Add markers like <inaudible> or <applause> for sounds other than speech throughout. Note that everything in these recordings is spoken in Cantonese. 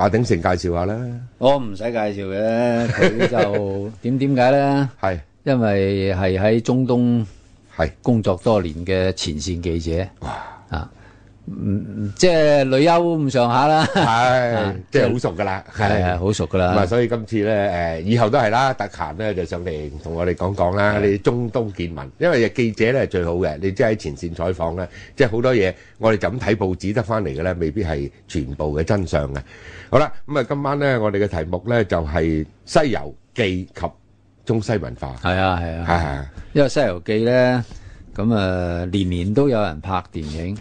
阿鼎盛介紹下啦，我唔使介紹嘅，佢就點點解咧？係因為係喺中東係工作多年嘅前線記者啊。嗯，即係旅遊咁上下啦，係，即係好熟噶啦，係啊，好熟噶啦。咁啊，所以今次咧，誒，以後都係啦，得閒咧就上嚟同我哋講講啦。你中東見聞，因為記者咧係最好嘅，你即係喺前線採訪咧，即係好多嘢，我哋就咁睇報紙得翻嚟嘅咧，未必係全部嘅真相嘅。好啦，咁啊，今晚咧，我哋嘅題目咧就係《西遊記》及中西文化。係啊，係啊，係。因為《西遊記》咧。咁、嗯、啊，年年都有人拍電影，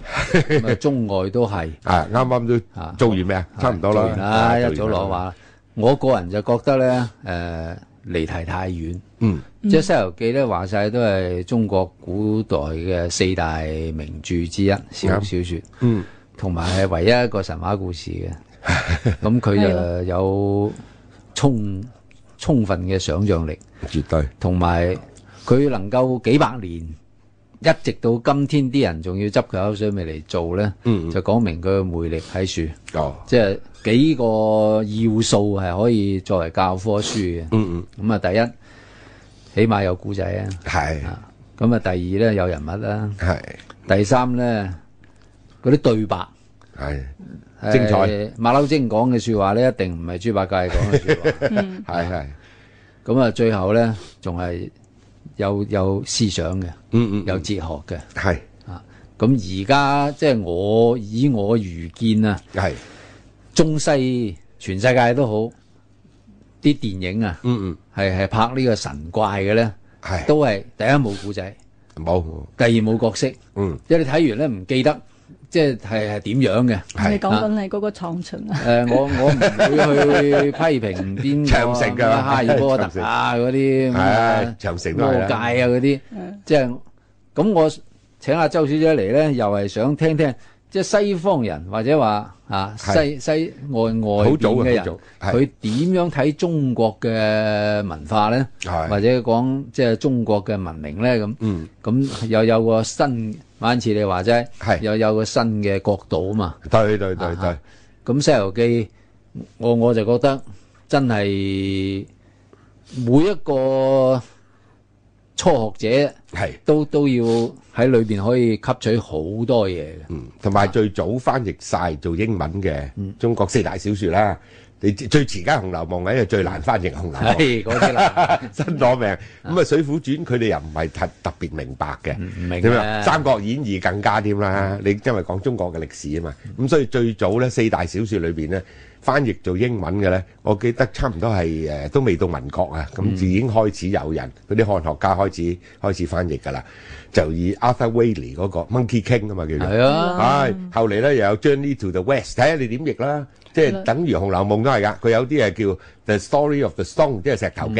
中外都係 <laughs> 啊，啱啱都做完咩啊？差唔多啦。啊，一早攞話啦。我個人就覺得咧，誒、呃、離題太遠。嗯，即係《西遊記》咧，話晒都係中國古代嘅四大名著之一，小小説，嗯，同埋係唯一一個神話故事嘅。咁 <laughs> 佢就有充充分嘅想像力，絕對。同埋佢能夠幾百年。一直到今天啲人仲要執佢口水尾嚟做咧，就講明佢嘅魅力喺處。哦、嗯嗯，即係幾個要素係可以作為教科書嘅。嗯嗯。咁啊，第一起碼有古仔啊。係。咁啊，第二咧有人物啦。係。第三咧嗰啲對白。係。精彩。馬騮精講嘅說話咧，一定唔係豬八戒講嘅說話。係係。咁啊，係係最後咧仲係。有有思想嘅，嗯嗯，有哲學嘅，係啊。咁而家即係我以我愚見啊，係中西全世界都好啲電影啊，嗯嗯，係係拍呢個神怪嘅咧，係都係第一冇古仔，冇第二冇角色，嗯，因為你睇完咧唔記得。即係係點樣嘅？係係你講緊你嗰個長城啊？誒，我我唔會去批評邊 <laughs> 長城噶《哈利波特》啊嗰啲，長城都係啦。魔戒啊嗰啲，即係咁我請阿周小姐嚟咧，又係想聽聽即係西方人或者話啊西西外外邊嘅人，佢點樣睇中國嘅文化咧？或者講即係中國嘅文明咧？咁，嗯，咁又有個新。晚你話啫，又有個新嘅角度啊嘛。對對對對，咁《西遊記》，我我就覺得真係每一個初學者，係都都要喺裏邊可以吸取好多嘢嘅。嗯，同埋最早翻譯晒做英文嘅中國四大小說啦。你最遲間《紅樓夢》，因為最難翻譯《紅樓夢》，真攞命咁啊，《水滸傳》佢哋又唔係特特別明白嘅，唔明啊，《三國演義》更加添啦。你因為講中國嘅歷史啊嘛，咁所以最早咧四大小說裏邊咧，翻譯做英文嘅咧，我記得差唔多係誒都未到民國啊，咁已經開始有人嗰啲漢學家開始開始翻譯㗎啦，就以 Arthur Waley 嗰個 Monkey King 啊嘛叫做，係啊，係，後嚟咧又有 Journey to the West，睇下你點譯啦。即係等於《紅樓夢》都係噶，佢有啲係叫 The Story of the Stone，即係《石頭記》，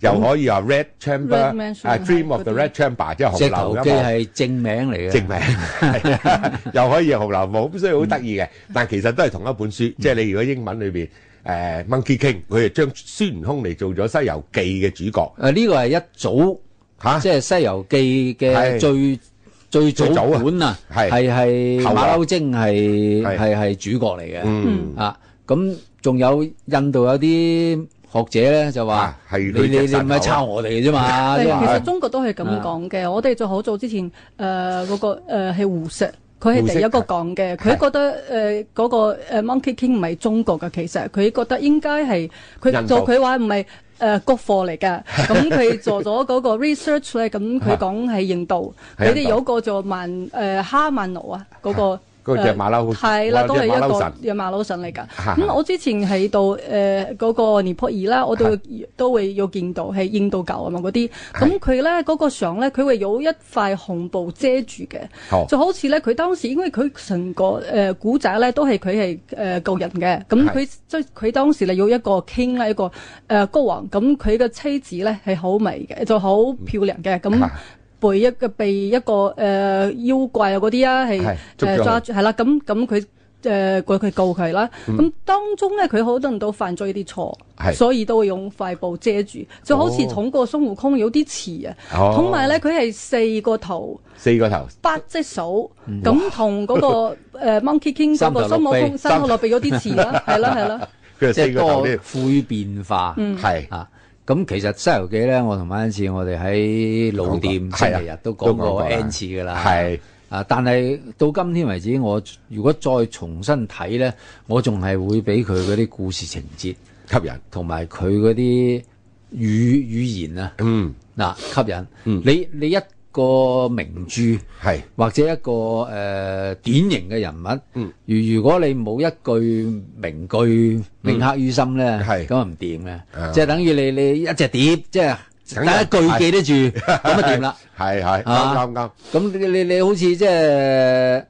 又可以話 Red Chamber 啊，《Dream of the Red Chamber》，即係《紅樓夢》。《石頭記》係正名嚟嘅。正名，又可以係《紅樓夢》，咁所以好得意嘅。但其實都係同一本書，即係你如果英文裏邊，誒 Monkey King，佢就將孫悟空嚟做咗《西遊記》嘅主角。誒呢個係一組嚇，即係《西遊記》嘅最最早啊，係係馬騮精係係係主角嚟嘅。啊咁仲有印度有啲學者咧就話係你你你唔係抄我哋嘅啫嘛，其實中國都係咁講嘅。我哋就好早之前，誒嗰個誒係胡適，佢係第一個講嘅。佢覺得誒嗰個誒 Monkey King 唔係中國嘅，其實佢覺得應該係佢就佢話唔係。誒、呃，國貨嚟嘅，咁 <laughs> 佢做咗嗰個 research 咧，咁佢講係印度，佢 <laughs> 哋有個做曼誒哈曼奴啊嗰個。 <laughs> 那個隻馬騮係啦，都係一個隻馬騮神嚟㗎。咁 <laughs> 我之前喺度誒嗰個尼泊爾啦，我都 <laughs> 都會有見到係印度教啊嘛嗰啲。咁佢咧嗰個相咧，佢會有一塊紅布遮住嘅， <laughs> 就好似咧佢當時因為佢成個誒、呃、古仔咧都係佢係誒救人嘅。咁佢即係佢當時咧有一個 king 啦，一個誒、呃、國王。咁佢嘅妻子咧係好美嘅，就好漂亮嘅咁。 <laughs> 背一個被一個誒、呃、妖怪啊嗰啲啊，係誒抓住，係啦，咁咁佢誒佢佢告佢啦。咁、嗯、當中咧，佢好多人都犯咗一啲錯，所以都會用塊布遮住，就、哦、好似捅過孫悟空有啲似啊。同埋咧，佢係四個頭四個頭八隻手。咁同嗰個誒、 <laughs> 呃、Monkey King 嗰 <laughs> 個孫悟空，三頭六臂，有啲似啦，係啦係啦。佢係個個，富於變化，係啊。咁其實《西遊記》咧，我同翻一次我，我哋喺老店星期日日都講過 N 次噶啦。係啊，但係到今天為止，我如果再重新睇咧，我仲係會俾佢嗰啲故事情節吸引，同埋佢嗰啲語語言啊。嗯，嗱，吸引。嗯，你你一。個名著係或者一個誒典型嘅人物，如如果你冇一句名句銘刻於心咧，係咁啊唔掂嘅，即係等於你你一隻碟，即係第一句記得住咁啊掂啦，係係啱啱啱。咁你你你好似即係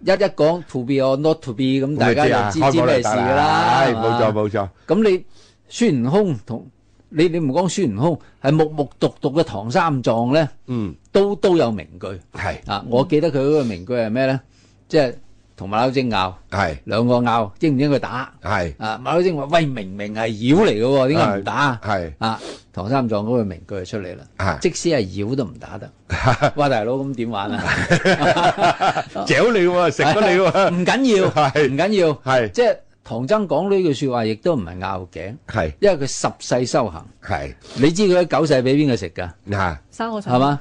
一一講 to be or not to be，咁大家又知知咩事㗎啦？係冇錯冇錯。咁你孫悟空同。你你唔講孫悟空，係木木獨獨嘅唐三藏咧，嗯，都都有名句，係啊，我記得佢嗰個名句係咩咧？即係同馬騮精拗，係兩個拗，應唔應該打？係啊，馬騮精話喂，明明係妖嚟嘅，點解唔打？係啊，唐三藏嗰個名句就出嚟啦。即使係妖都唔打得， <laughs> 哇大佬咁點玩啊？屌 <laughs> <laughs> 你喎，食咗你。哎，唔緊要，係唔緊要，係即係。唐僧講呢句說話亦都唔係拗頸，係因為佢十世修行，係你知佢啲九世俾邊個食噶，係三個係嘛？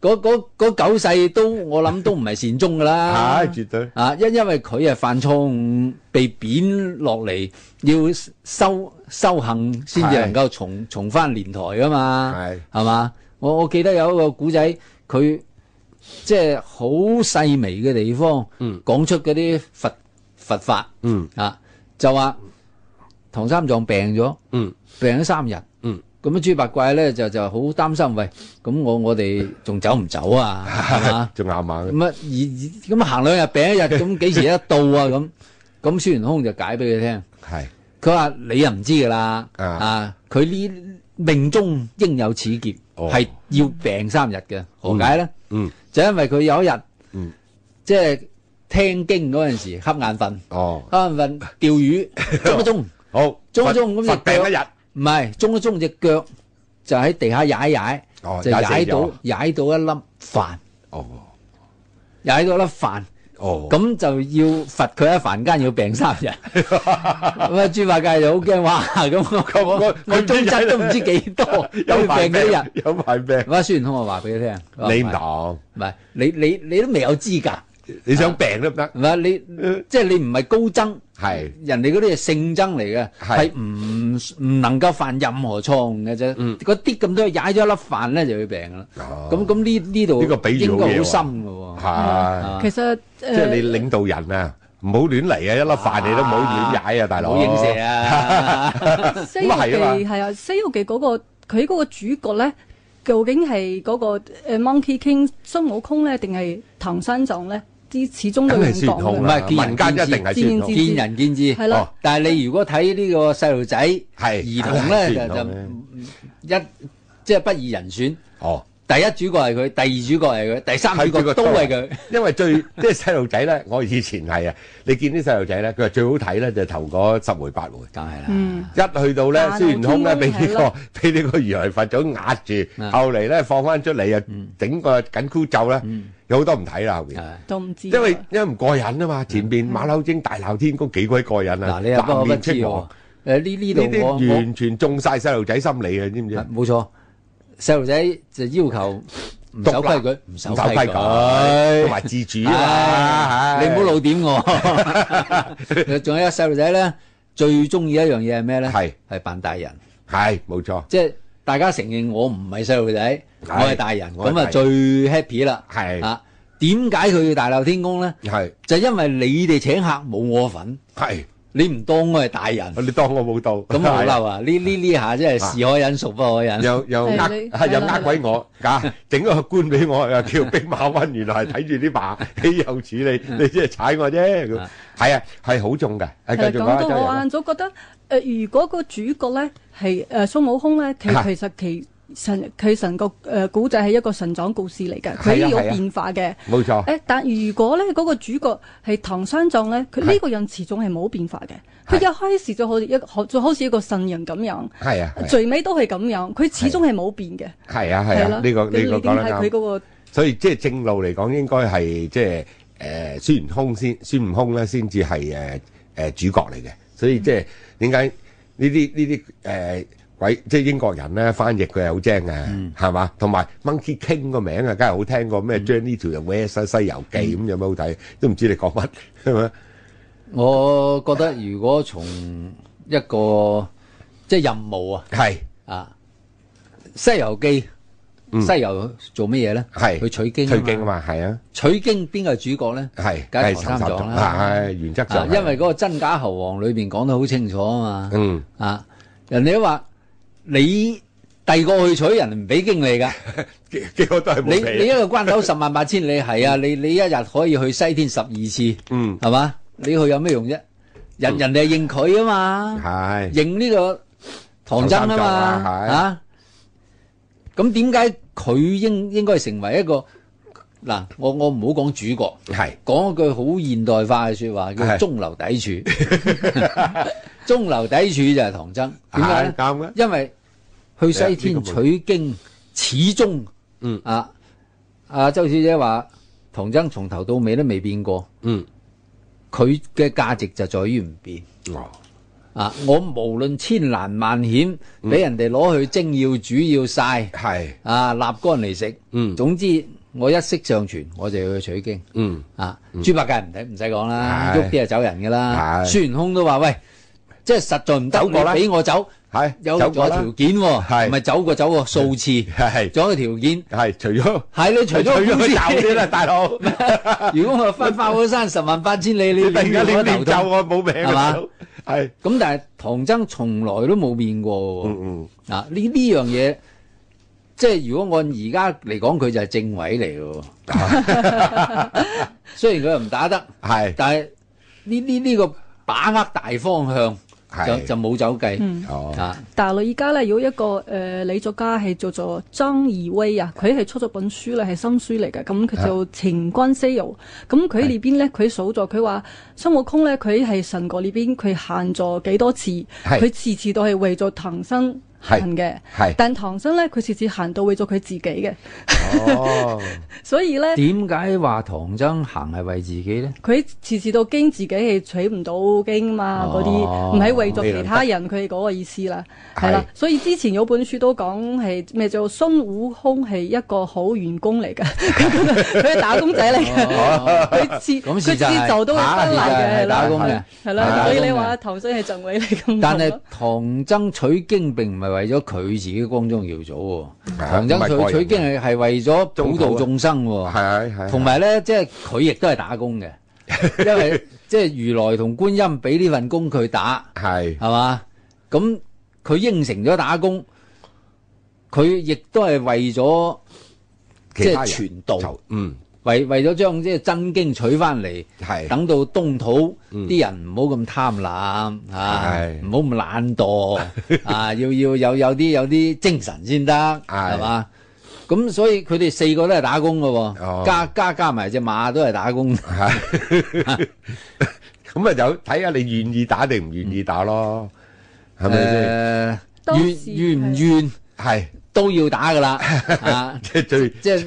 嗰九世都我諗都唔係善終噶啦，吓 <laughs> 絕對啊，因因為佢係犯錯誤被貶落嚟，要修修，修行先至能夠重重返蓮台噶嘛，係係嘛？我我記得有一個古仔，佢即係好細微嘅地方，講、嗯、出嗰啲佛佛法，嗯啊。就話唐三藏病咗、嗯，病咗三日，咁啊豬八怪咧就就好擔心，喂，咁我我哋仲走唔走啊？係 <laughs> 嘛，仲咬硬，咁啊，而咁行兩日病一日，咁幾時得到啊？咁， <laughs> 咁孫悟空就解俾佢聽，係，佢話你又唔知噶啦，啊，佢、啊、呢命中應有此劫，係、哦、要病三日嘅，何解咧、嗯？嗯，就因為佢有一日、嗯，即係。聽經嗰陣時瞌眼瞓，瞌、oh. 眼瞓釣魚，中一中？好、oh.，中、oh. 一中咁就病一日。唔係，中一中隻腳就喺地下踩一踩，就踩、oh. 到踩到一粒飯。哦、oh.，踩到粒飯。哦，咁就要罰佢喺凡間要病三日。咁、oh. 啊， <laughs> <laughs> 豬八戒就好驚哇！咁我, <laughs> 那我, <laughs> 我,我,我,我中質都唔知幾多,多，有 <laughs> 病一日，有埋病。咁啊，孫悟空我話俾你聽，你唔懂。唔係， <laughs> 你你你,你都未有資格。你想病都唔得，唔係你即係你唔係高僧，係人哋嗰啲係聖僧嚟嘅，係唔唔能夠犯任何錯誤嘅啫。嗯，嗰啲咁多嘢踩咗一粒飯咧，就會病啦。哦，咁咁呢呢度呢個比喻好嘢喎，應該好深嘅喎。係，其實即係你領導人啊，唔好亂嚟啊，一粒飯你都唔好亂踩啊，大佬。唔好影射啊！西遊記係啊，西遊記嗰個佢嗰個主角咧，究竟係嗰個誒 Monkey King 孫悟空咧，定係唐三藏咧？啲始終都唔同，啊、民間一定係見仁見智，係啦。哦，但係你如果睇呢個細路仔係兒童咧，就就，就一即係、就是、不二人選哦。第一主角係佢，第二主角係佢，第三主角都係佢。因為最即係細路仔咧，我以前係啊，你見啲細路仔咧，佢話最好睇咧就頭嗰十回八回。梗係啦，一去到咧，孫悟空咧俾呢個俾呢個如來佛祖壓住，後嚟咧放翻出嚟啊，整個緊箍咒咧，有好多唔睇啦後邊。都唔知，因為因為唔過癮啊嘛。前邊馬騮精大鬧天宮幾鬼過癮啊，藍面赤黃。誒呢，呢度完全中晒細路仔心理啊，知唔知啊？冇錯。細路仔就要求唔守規矩，唔守規矩，同埋自主啊！你唔好老點我。仲有一個細路仔咧，最中意一樣嘢係咩咧？係係扮大人，係冇錯。即係大家承認我唔係細路仔，我係大人，咁啊最 happy 啦。係啊？點解佢要大鬧天宮咧？係就因為你哋請客冇我份。係。你唔當我係大人，你當我冇到。咁好嬲啊！呢呢呢下真係是可忍，孰不可忍。又又呃，又呃鬼我，嚇！整個官俾我，又叫弼馬溫，原來係睇住啲馬，豈有此理，你即係踩我啫。係啊，係好重嘅。係講到我，我覺得誒，如果個主角咧係誒孫悟空咧，其其實其。神佢成個誒古仔係一個神狀故事嚟嘅，佢、啊、有變化嘅。冇錯、啊。誒、啊，但如果咧嗰、那個主角係唐三藏咧，佢呢個人始終係冇變化嘅。佢一開始就好似一好，就好似一個神人咁樣。係啊，啊。最尾都係咁樣，佢始終係冇變嘅。係啊係啊，呢、啊啊啊啊啊這個呢、那個講得啱。所以即係正路嚟講，應該係即係誒孫悟空先，孫悟空咧先至係誒誒主角嚟嘅。所以即係點解呢啲呢啲誒？嗯鬼即係英國人咧，翻譯佢係好精嘅，係嘛？同埋 Monkey King 個名啊，梗係好聽過咩？Journey to the West 西遊記咁有咩好睇？都唔知你講乜，係咪？我覺得如果從一個即係任務啊，係啊，《西遊記》西遊做咩嘢咧？係去取經啊嘛，係啊！取經邊個係主角咧？係梗係唐三藏啦，係原則。因為嗰個真假猴王裏邊講得好清楚啊嘛。嗯啊，人哋都話。你遞過去，去取人唔俾經理 <laughs> 理你噶，幾多都係你你一個關口十萬八千里，係啊，嗯、你你一日可以去西天十二次，嗯，係嘛？你去有咩用啫？人、嗯、人哋認佢啊嘛，係、嗯、認呢個唐僧啊嘛，嚇、啊。咁點解佢應應該成為一個嗱、啊？我我唔好講主角，係講一句好現代化嘅説話，叫中流砥柱。 <laughs> <laughs> 中流砥柱就係唐僧，點解？因為去西天取經始終，嗯啊啊周小姐話唐僧從頭到尾都未變過，嗯佢嘅價值就在於唔變哦啊我無論千難萬險俾、嗯、人哋攞去蒸要煮要晒係、嗯、啊立竿嚟食，嗯總之我一息尚存我就要去取經，嗯啊豬、嗯、八戒唔睇唔使講啦，喐、哎、啲就走人噶啦，孫、哎、悟空都話喂即係實在唔得我俾我走。係有咗條件，唔咪走過走過數次，係係咗個條件，係除咗係你除咗唔知，走咗啦，大佬。 <laughs> <laughs> 如果我翻花果山 <laughs> 十萬八千里，你突然你變走我、啊、冇命係、啊、嘛？係咁，但係唐僧從來都冇變過，嗯嗯，嗱呢呢樣嘢， <laughs> 即係如果按而家嚟講，佢就係政委嚟喎。 <laughs> 雖然佢又唔打得，係，但係呢呢呢個把握大方向。是就就冇走計、嗯、哦！但係我而家咧，有一個誒、呃，李作家係做咗張怡威啊，佢係出咗本書咧，係新書嚟嘅，咁佢就情關西遊。咁佢、啊、呢邊咧，佢數咗，佢話孫悟空咧，佢係神國呢邊，佢限咗幾多次，佢次次都係為咗唐僧係嘅，係。但唐僧咧，佢次次行到為咗佢自己嘅，哦、 <laughs> 所以咧，點解話唐僧行係為自己咧？佢次次到驚自己係取唔到經嘛，嗰啲唔係為咗其他人，佢嗰個意思啦，係啦。所以之前有本書都講係咩叫做孫悟空係一個好員工嚟嘅，佢佢 <laughs> 打工仔嚟嘅，佢接佢接受都係艱難嘅，係、啊、啦、啊啊啊啊啊啊。所以你話唐僧係盡偉嚟咁， <laughs> 但係唐僧取經並唔係。係為咗佢自己光宗耀祖，唐僧取取經係係為咗普度眾生，係係、啊，同埋咧即係佢亦都係打工嘅， <laughs> 因為即係如來同觀音俾呢份工佢打，係係嘛，咁佢應承咗打工，佢亦都係為咗即係傳道，嗯。為為咗將即係真經取翻嚟，係等到東土啲、嗯、人唔好咁貪婪吓，唔好咁懶惰 <laughs> 啊，要要有有啲有啲精神先得，係嘛？咁所以佢哋四個都係打工噶、哦，加加加埋隻馬都係打工。咁啊， <laughs> 就睇下你願意打定唔願意打咯，係咪先？願願唔願係都要打噶啦， <laughs> 啊，即係最即係。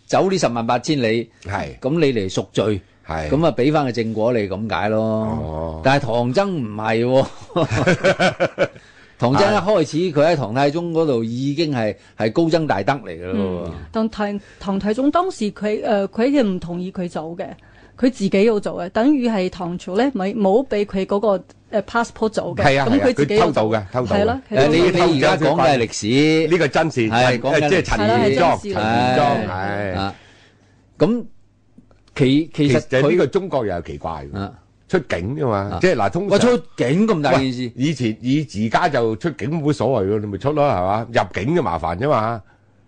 走呢十萬八千里，係咁你嚟贖罪，係咁啊俾翻個正果你咁解咯。哦、但係唐僧唔係， <laughs> <laughs> 唐僧一開始佢喺唐太宗嗰度已經係係高僧大德嚟噶咯，嗯。但唐唐太宗當時佢誒佢係唔同意佢走嘅，佢自己要做嘅，等於係唐朝咧，咪冇俾佢嗰個。誒 passport 做嘅，咁佢佢偷渡嘅，偷渡。係咯，你你而家講嘅係歷史呢個真事係，即係陳玄奘，陳玄奘。咁其其實佢呢個中國又係奇怪嘅，出境㗎嘛，即係嗱通過。我出境咁大件事，以前以而家就出境冇乜所謂咯，你咪出咯，係嘛？入境就麻煩啫嘛。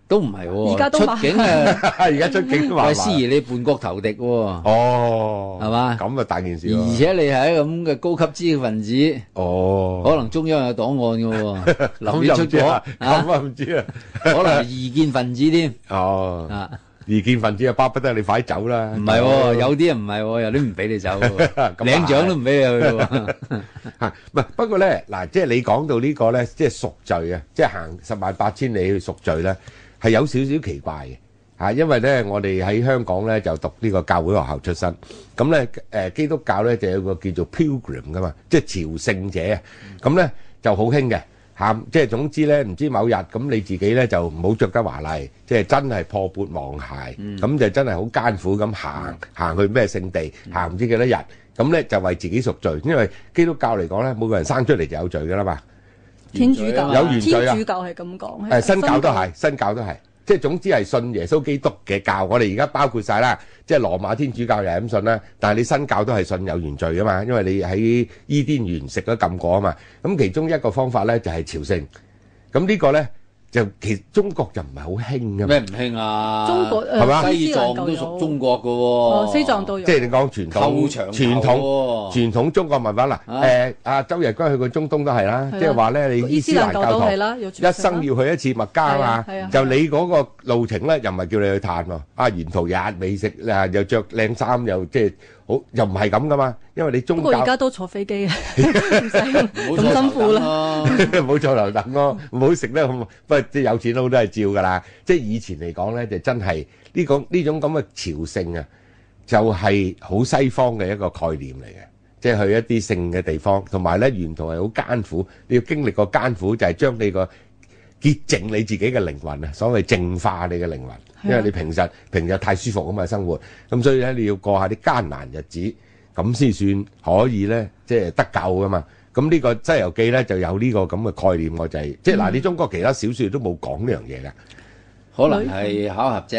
都唔係喎，出警啊！而家出警都麻煩係思怡，你叛國投敵喎、哦。哦，係嘛？咁啊大件事喎。而且你係一個咁嘅高級知識分子。哦。可能中央有檔案喎、哦，諗 <laughs> 住出咗、嗯、啊？咁唔知啊、 <laughs> 嗯，可能係異見分子添。哦。啊，異見分子啊，巴、哦、 <laughs> 不得你快走啦。唔係喎，有啲唔係喎，有啲唔俾你走，領 <laughs> 獎都唔俾你去喎 <laughs> 不過咧，嗱，即係你講到個呢個咧，即係贖罪啊， <laughs> 即係行十萬八千里去贖罪咧。係有少少奇怪嘅嚇，因為咧我哋喺香港咧就讀呢個教會學校出身，咁咧誒基督教咧就有個叫做 pilgrim 噶嘛，即係朝聖者啊，咁咧就好興嘅行，即係總之咧唔知某日咁你自己咧就唔好著得華麗，即係真係破缽芒鞋，咁就真係好艱苦咁行行去咩聖地，行唔知幾多日，咁咧就為自己贖罪，因為基督教嚟講咧每個人生出嚟就有罪噶啦嘛。天主教是是有原罪啊！天主教係咁講，係新教都係，新教都係，即係總之係信耶穌基督嘅教。我哋而家包括晒啦，即係羅馬天主教又係咁信啦。但係你新教都係信有原罪噶嘛，因為你喺伊甸園食咗禁果啊嘛。咁其中一個方法咧就係、是、朝聖。咁呢個咧？就其實中國就唔係好興㗎，咩唔興啊？中國誒西藏都屬中國噶喎。哦，西藏都有，即係你講傳統？傳統傳統中國文化啦誒，阿周日軍去過中東都係啦，即係話咧，你伊斯蘭教徒係啦，一生要去一次麥加啊嘛。就你嗰個路程咧，又唔係叫你去嘆喎，啊沿途日美食啊，又著靚衫，又即係。好，又唔係咁噶嘛，因為你中國而家都坐飛機啊，唔使咁辛苦啦，冇坐留滯咯，冇食咧咁，不過即係有錢佬都係照噶啦。即係以前嚟講咧，就真係呢個呢種咁嘅朝聖啊，就係好西方嘅一個概念嚟嘅，即係去一啲聖嘅地方，同埋咧沿途係好艱苦，你要經歷個艱苦就係將你個潔淨你自己嘅靈魂啊，所謂淨化你嘅靈魂。因為你平日平日太舒服咁嘅生活，咁所以咧你要過下啲艱難日子，咁先算可以咧，即係得救噶嘛。咁呢個《西遊記》咧就有呢個咁嘅概念，我就係即係嗱，你中國其他小説都冇講呢樣嘢㗎。可能係巧合啫，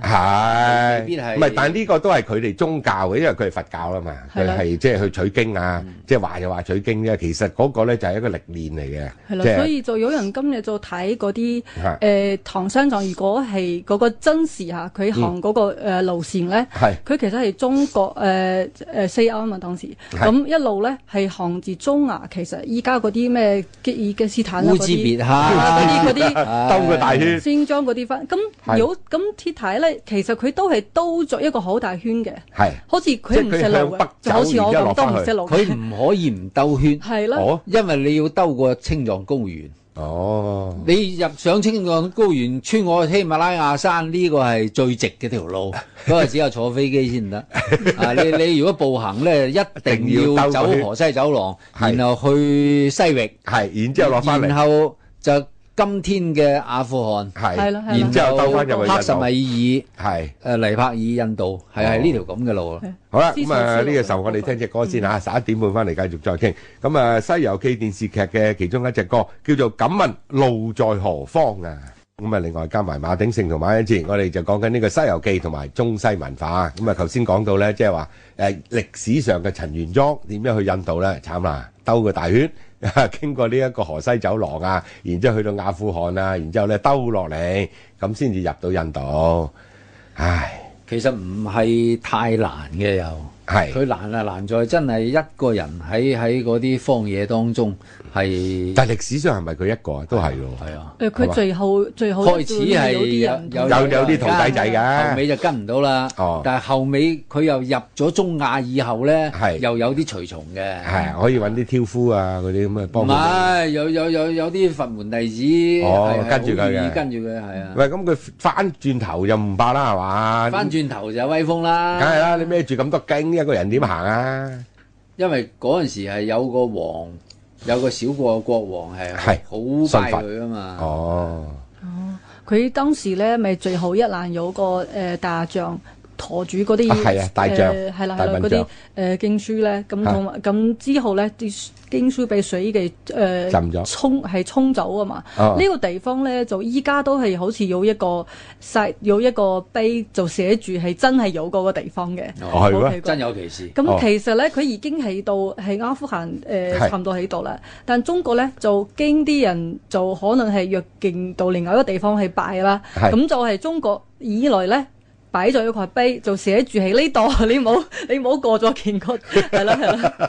係，唔係，但係呢個都係佢哋宗教嘅，因為佢係佛教啊嘛。佢係即係去取經啊，即係話又話取經啫。其實嗰個咧就係一個歷練嚟嘅。係啦，就是，所以就有人今日就睇嗰啲誒唐三藏，如果係嗰真事吓，佢行嗰個、嗯呃、路線咧，係佢其實係中國誒誒西安啊嘛當時。咁、嗯嗯、一路咧係行自中亞，其實依家嗰啲咩吉爾吉斯坦啊嗰啲，哈，啲嗰啲兜個大圈，先咁如果咁鐵睇咧，其實佢都係兜咗一個好大圈嘅，好似佢唔識路嘅，就好似我咁都唔識路。佢唔可以唔兜圈、 <laughs> 哦，因為你要兜過青藏高原。哦，你入上青藏高原，穿過去喜馬拉雅山，呢、這個係最直嘅條路，嗰、哦、個只有坐飛機先得、 <laughs> 啊。你你如果步行咧，一定要走河西走廊，然後去西域，係然之後落翻嚟然，後然後就。今天嘅阿富汗，係，然之後兜翻入去克什米爾，係，誒尼泊爾、印度，係係呢條咁嘅路咯。好啦，咁啊呢個時候我哋聽隻歌先嚇，十一點半翻嚟繼續再傾。咁啊《西遊記》電視劇嘅其中一隻歌叫做《敢問路在何方》啊。咁啊另外加埋馬鼎盛同馬英傑，我哋就講緊呢個《西遊記》同埋中西文化。咁啊頭先講到咧，即係話誒歷史上嘅陳玄奘點樣去印度咧？慘啦，兜個大圈。啊！經過呢一個河西走廊啊，然之後去到阿富汗啊，然之後咧兜落嚟，咁先至入到印度。唉，其實唔係太難嘅又。係佢難啊難在真係一個人喺喺嗰啲荒野當中係，但係歷史上係咪佢一個啊？都係喎，係啊。佢、啊、最後最後開始係有有啲徒弟仔㗎，後尾就跟唔到啦、哦。但係後尾佢又入咗中亞以後咧，又有啲隨從嘅，係、啊、可以搵啲挑夫啊嗰啲咁嘅幫佢。唔係有有有有啲佛門弟子跟住佢嘅，跟住佢係啊。喂，咁佢翻轉頭就唔怕啦係嘛？翻轉頭就威風啦，梗係啦，你孭住咁多經。一個人點行啊？因為嗰陣時係有個王，有個小國嘅國王係係好派佢啊嘛。哦哦，佢、哦、當時咧咪最後一欄有一個誒大將。駝住嗰啲誒係啦係啦嗰啲誒經書咧，咁咁、啊、之後咧啲經書俾水嘅誒、呃、沖係沖走啊嘛。呢、哦、個地方咧就依家都係好似有一個曬有一個碑，就寫住係真係有嗰個地方嘅。係、哦啊、真有其事。咁其實咧，佢已經喺到係阿富汗、呃、差唔多喺度啦。但中國咧就驚啲人就可能係弱勁到另外一個地方去拜啦。咁就係中國以來咧。擺咗一塊碑，就寫住喺呢度。你唔好你唔好過咗見過係咯係咯，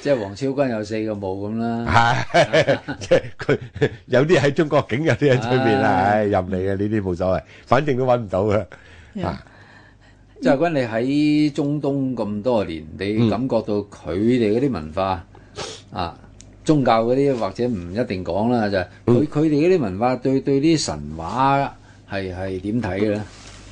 即係黃昭君有四個墓咁啦。係即係佢有啲喺中國境內，有啲喺出邊啦。唉，入嚟嘅呢啲冇所謂，反正都揾唔到嘅。阿軍，你喺中東咁多年，你感覺到佢哋嗰啲文化啊，宗教嗰啲，或者唔一定講啦，就佢佢哋嗰啲文化對對啲神話係係點睇嘅咧？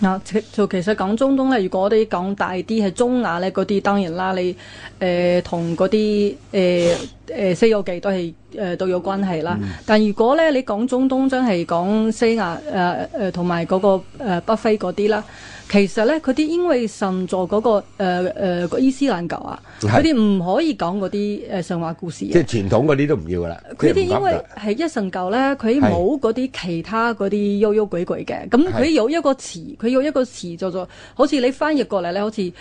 嗱、啊，就其實講中東咧，如果我哋講大啲係中亞咧，嗰啲當然啦，你誒同嗰啲誒誒《西遊記》呃、四都係誒、呃、都有關係啦。嗯、但如果咧你講中東真講，真係講西亞誒同埋嗰個、呃、北非嗰啲啦。其實咧，佢啲因為神座嗰個誒誒個伊斯蘭教啊，佢啲唔可以講嗰啲誒神話故事。即係傳統嗰啲都唔要噶啦。佢啲因為係一神教咧，佢冇嗰啲其他嗰啲幽幽鬼鬼嘅。咁佢有一個詞，佢有一個詞做做，好似你翻譯過嚟咧，好似。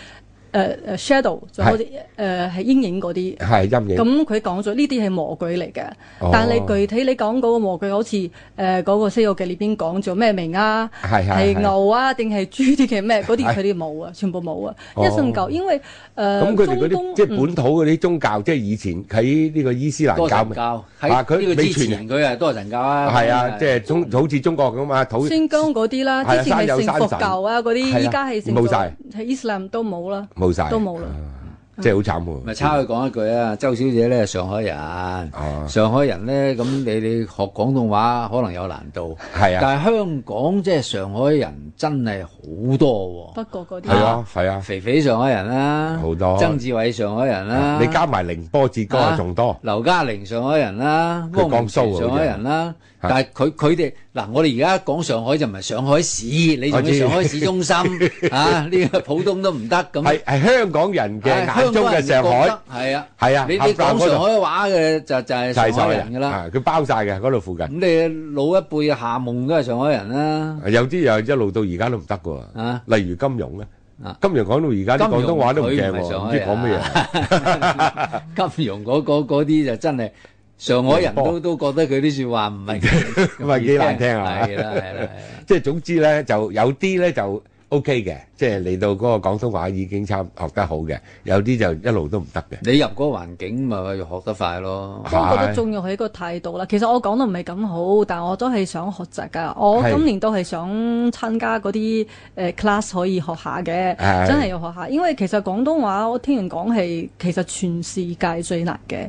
誒、uh, 誒 shadow 就好似誒係陰影嗰啲係陰影。咁佢講咗呢啲係魔鬼嚟嘅、哦，但你具體你講嗰個魔鬼好似誒嗰個《西遊記》裏邊講咗咩名啊？係係牛啊，定係豬啲嘅咩？嗰啲佢哋冇啊，全部冇啊、哦，一神教，因為誒。咁佢哋啲即係本土嗰啲宗教，即係以前喺呢個伊斯蘭教，教啊，佢未、啊、傳佢係、啊、多神教啊。係啊，即、就、係、是啊啊就是、好似中國咁啊，土新疆嗰啲啦，之、啊、前係信佛教啊，嗰啲依家係信、冇晒、係伊斯蘭都冇啦。都冇啦，即係好慘喎。咪抄佢講一句啊，周小姐咧上海人，啊、上海人咧，咁你你學廣東話可能有難度，係啊。但係香港即係上海人真係好多喎、啊。不過嗰啲係啊係啊，啊啊肥肥上海人啦、啊，好多。曾志偉上海人啦、啊啊，你加埋寧波、浙江仲多。啊、劉嘉玲上海人啦、啊，佢江蘇上海人啦、啊。但係佢佢哋嗱，我哋而家講上海就唔係上海市，你仲要上海市中心啊？呢個普通都唔得咁。係係香港人嘅眼中嘅上海，係啊係啊。你講上海話嘅就就係上海人㗎啦，佢包曬嘅嗰度附近。咁你老一輩嘅夏夢都係上海人啦。有啲又一路到而家都唔得嘅喎，例如金融咧，金融講到而家啲廣東話都唔驚喎，唔知講乜嘢。金融嗰嗰嗰啲就真係。上海人都都覺得佢啲説話唔係咁幾難聽啊！ <laughs> 即係總之咧，就有啲咧就 O K 嘅，即係嚟到嗰個廣東話已經差學得好嘅，有啲就一路都唔得嘅。你入嗰個環境咪學得快咯。我覺得重要係一個態度啦。其實我講得唔係咁好，但我都係想學習㗎。我今年都係想參加嗰啲 class 可以學下嘅，真係要學下。因為其實廣東話我聽人講係其實全世界最難嘅。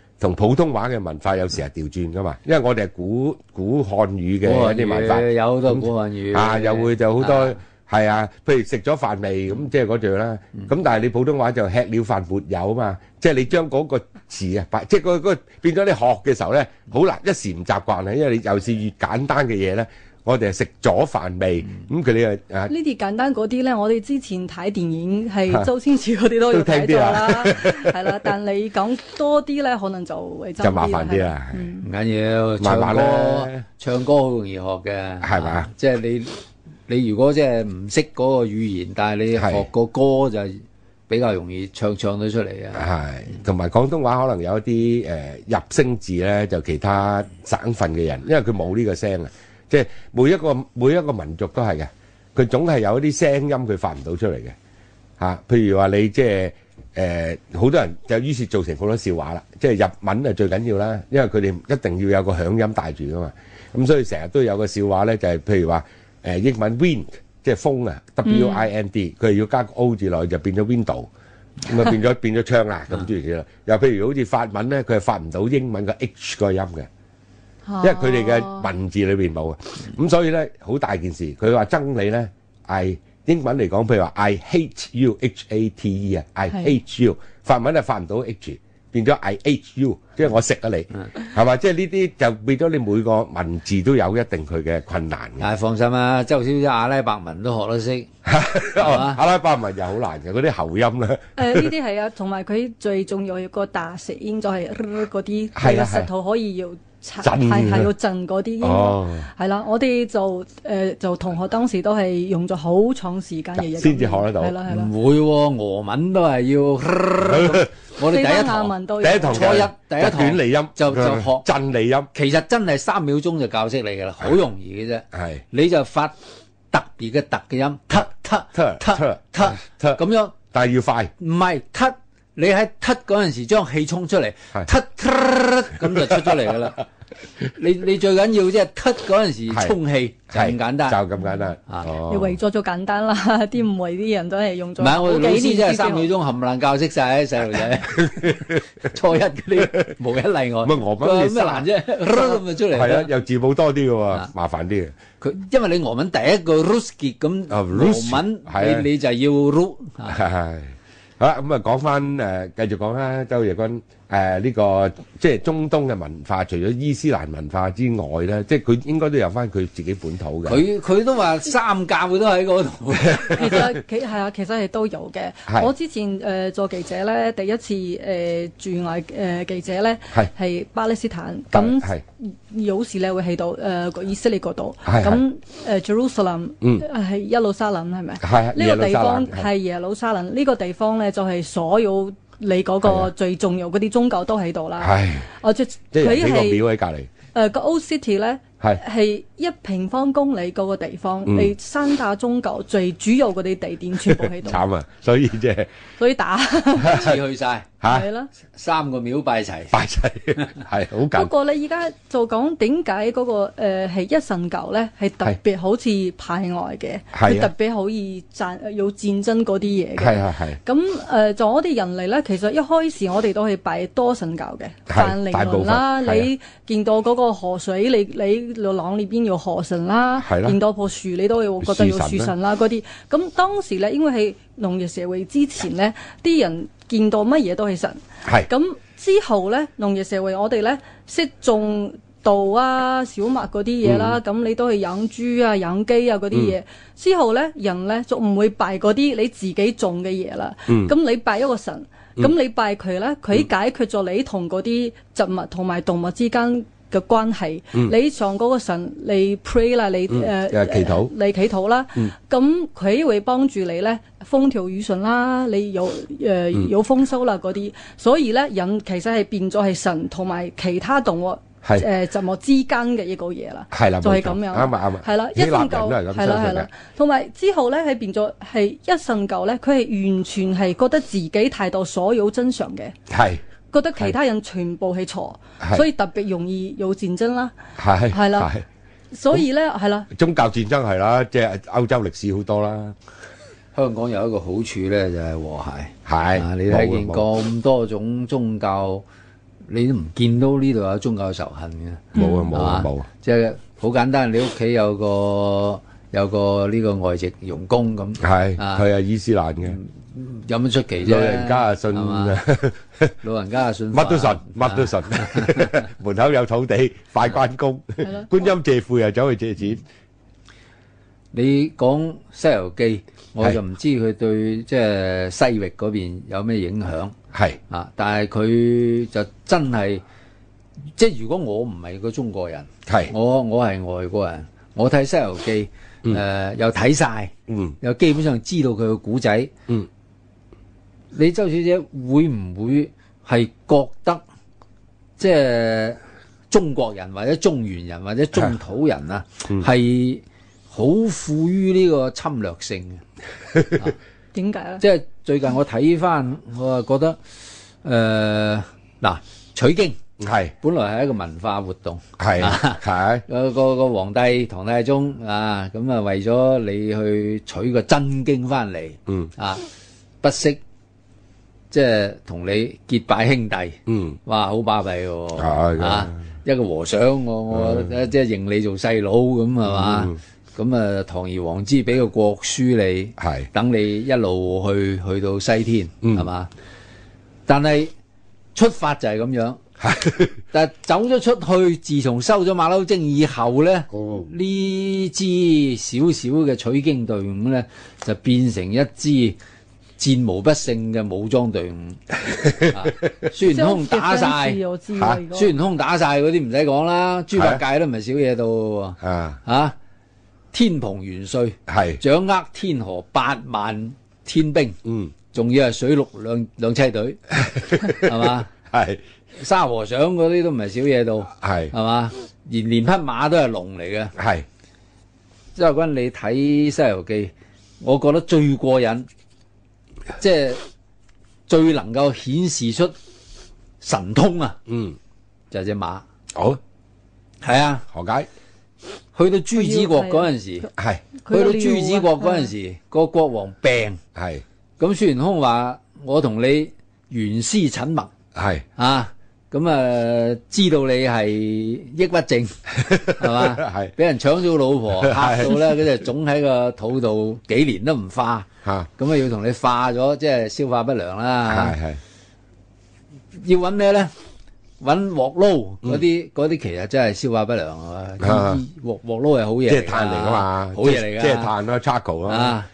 同普通話嘅文化有時係調轉㗎嘛，因為我哋係古古漢語嘅啲文化，有好多古漢語啊，又會就好多係啊，啊，譬如食咗飯未咁，即係嗰句啦。咁但係你普通話就吃了飯沒有啊嘛，嗯，即係你將嗰個詞啊，即係、嗰嗰變咗你學嘅時候咧，好難一時唔習慣啊，因為你又是越簡單嘅嘢咧。我哋係食咗飯未？咁佢哋啊啊！呢啲簡單嗰啲咧，我哋之前睇電影係周星馳嗰啲都有睇啲啦，係、啊、啦。 <laughs> 但你講多啲咧，可能就就麻煩啲啊。唔緊要，唱歌麻煩，唱歌好容易學嘅，係嘛？即、啊、係、就是、你你如果即係唔識嗰個語言，但係你學個歌就比較容易唱唱得出嚟啊。係，同、嗯、埋廣東話可能有一啲誒、呃、入聲字咧，就其他省份嘅人，因為佢冇呢個聲啊。即係每一個每一個民族都係嘅，佢總係有一啲聲音佢發唔到出嚟嘅嚇。譬如話你即係誒，好、呃、多人就於是造成好多笑話啦。即係日文啊最緊要啦，因為佢哋一定要有個響音帶住噶嘛。咁所以成日都有個笑話咧，就係、是、譬如話誒、呃、英文 wind 即係風啊，w i n d，佢係、嗯、要加個 o 字落去就變咗 window，咁啊變咗 <laughs> 變咗窗啦，咁啲人寫啦。又譬如好似法文咧，佢係發唔到英文個 h 個音嘅。因為佢哋嘅文字裏邊冇嘅，咁所以咧好大件事。佢話憎你咧，I 英文嚟講，譬如話 I hate you，H-A-T-E 啊，I hate you。法文就發唔到 h，變咗 I hate you，即係我食咗你，係嘛？即係呢啲就變咗你每個文字都有一定佢嘅困難。但係放心啦，即係好似阿拉伯文都學得識，係嘛？阿拉伯文又好難嘅，嗰啲喉音咧。誒呢啲係啊，同埋佢最重要一個大食煙就係嗰啲，係啊，舌頭可以要。係係要震嗰啲音，係、哦、啦，我哋就誒、呃、就同學當時都係用咗好長時間嘅嘢，先至學得到，係啦係啦，唔會俄文都係要， <laughs> 我哋第一堂， <laughs> <laughs> 第一堂，初一第一堂短脷音，就就學震脷音，其實真係三秒鐘就教識你噶啦，好容易嘅啫，係，你就發特別嘅特嘅音，t t t t t，咁樣，但係要快，唔係咳。你喺 Tut」嗰陣時將氣衝出嚟，㓤咁就出咗嚟噶啦。你你最緊要即係 Tut」嗰陣時衝氣，就咁簡單。就咁簡單。你為咗做簡單啦，啲唔為啲人都係用咗。唔、嗯、係、嗯嗯、我哋老師真係三秒鐘冚唪唥教識晒啲細路仔， <laughs> 初一嗰啲無一例外。唔我俄文咩難啫？咁就出嚟。係啊，又 <laughs> 字母多啲嘅喎，麻煩啲。佢因為你俄文第一個 ruski 咁，俄文你、uh，你就要 rus。 <laughs> 好啦，咁啊，講翻誒，繼續講啦，周日軍。誒、呃、呢、這個即係中東嘅文化，除咗伊斯蘭文化之外咧，即係佢應該都有翻佢自己本土嘅，佢佢都話三教都喺嗰度。其實佢係啊，其實係都有嘅。我之前誒、呃、做記者咧，第一次誒駐、呃、外誒、呃、記者咧係巴勒斯坦，咁有時咧會去、呃、到誒以色列嗰度，咁誒 Jerusalem 係耶路撒冷係咪？係呢個地方係耶路撒冷。呢、嗯這個地方咧、這個、就係、是、所有。你嗰個最重要嗰啲宗教都喺度啦，哦，即係佢係誒個廟喺隔籬、呃、Old City 咧係一平方公里嗰個地方，嗯、你三大宗教最主要嗰啲地點全部喺度。 <laughs> 慘啊！所以即、係、所以打次 <laughs> 去晒了。 <laughs> 係、啊、啦，三個廟拜齊，拜齊係好緊。不過咧，依家就講點解嗰個誒係、呃、一神教咧，係特別好似排外嘅，係、啊、特別好易戰有戰爭嗰啲嘢嘅。係係係。咁誒、啊呃，就我哋人嚟咧，其實一開始我哋都係拜多神教嘅，泛靈論啦。你見到嗰個河水，啊、你你路廊裏邊有河神啦；啊、見到棵樹，你都會覺得有樹神啦。嗰啲咁當時咧，因為係。農業社會之前呢，啲人見到乜嘢都係神。係咁之後呢，農業社會我哋呢，識種稻啊、小麥嗰啲嘢啦。咁、嗯、你都係養豬啊、養雞啊嗰啲嘢。之後呢，人呢，就唔會拜嗰啲你自己種嘅嘢啦。咁、嗯、你拜一個神，咁、嗯、你拜佢呢，佢解決咗你同嗰啲植物同埋動物之間。嘅關係，嗯、你上嗰個神你 pray 啦，你、嗯、誒、呃、祈禱、呃，你祈禱啦，咁、嗯、佢會幫住你咧，風調雨順啦，你有誒、呃嗯、有豐收啦嗰啲，所以咧人其實係變咗係神同埋其他動物誒動物之間嘅一個嘢啦，係啦，就係、是、咁樣，啱啱啊，係啦，一神教係係啦，同埋之後咧係變咗係一神教咧，佢係完全係覺得自己睇到所有真相嘅，係。覺得其他人全部係錯，所以特別容易有戰爭啦。係係啦，所以咧係啦，宗教戰爭係啦，即、就、係、係、歐洲歷史好多啦。香港有一個好處咧，就係、係、和諧。係、啊啊、你睇見咁多種宗教，啊、你都唔見到呢度有宗教仇恨嘅。冇啊冇啊冇啊！即係好簡單，啊、你屋企有個有個呢個外籍傭工咁，係係啊佢係伊斯蘭嘅。有乜出奇啫？老人家啊信，老人家啊信，乜都信，乜都信。門口有土地快關公，觀音借庫又走去借錢。你講《西遊記》，我就唔知佢對即係西域嗰邊有咩影響。係啊，但係佢就真係，即係如果我唔係個中國人，係我我係外國人，我睇《西遊記》，誒又睇晒，又基本上知道佢個古仔。你周小姐會唔會係覺得即係中國人或者中原人或者中土人啊，係好富於呢個侵略性嘅？點解咧？即係最近我睇翻，我啊覺得誒嗱、呃、取經係本來係一個文化活動，係係、啊啊個個皇帝唐太宗啊，咁啊為咗你去取個真經翻嚟，嗯啊不惜。即係同你結拜兄弟，嗯、哇，好巴閉喎！係啊、啊，一個和尚，我我、啊、即係認你做細佬咁係嘛，咁、嗯、啊堂而皇之俾個國書你，係等你一路去去到西天係嘛、嗯。但係出發就係咁樣，但係走咗出去，自從收咗馬騮精以後咧，呢、嗯、支小小嘅取經隊伍咧就變成一支戰無不勝嘅武裝隊伍，孫 <laughs> 悟、啊、空打晒，孫 <laughs> 悟空打晒嗰啲唔使講啦，豬八戒都唔係小嘢到，啊，啊，天蓬元帥係掌握天河八萬天兵，嗯，仲要係水陸兩兩棲隊，係嘛，係 <laughs> 沙和尚嗰啲都唔係小嘢到，係係嘛，連連匹馬都係龍嚟嘅，係，即係嗰陣你睇《西遊記》，我覺得最過癮。即係最能夠顯示出神通啊！嗯，就係、是、隻馬。好、哦，係啊，何解？去到朱紫國嗰陣時，係、啊、去到朱紫國嗰陣時，那個國王病係咁。孫悟空話：我同你懸絲診脈係啊，咁啊，知道你係抑鬱症係嘛？係俾人搶咗老婆，嚇到咧，佢就腫喺個肚度幾年都唔化吓、啊，咁啊要同你化咗，即係消化不良啦。係係，要搵咩咧？搵鑊撈嗰啲，嗰啲其實真係消化不良啊。鑊鑊撈係好嘢嚟。即係碳嚟噶嘛？好嘢嚟噶。即係碳都 charcoal 啊。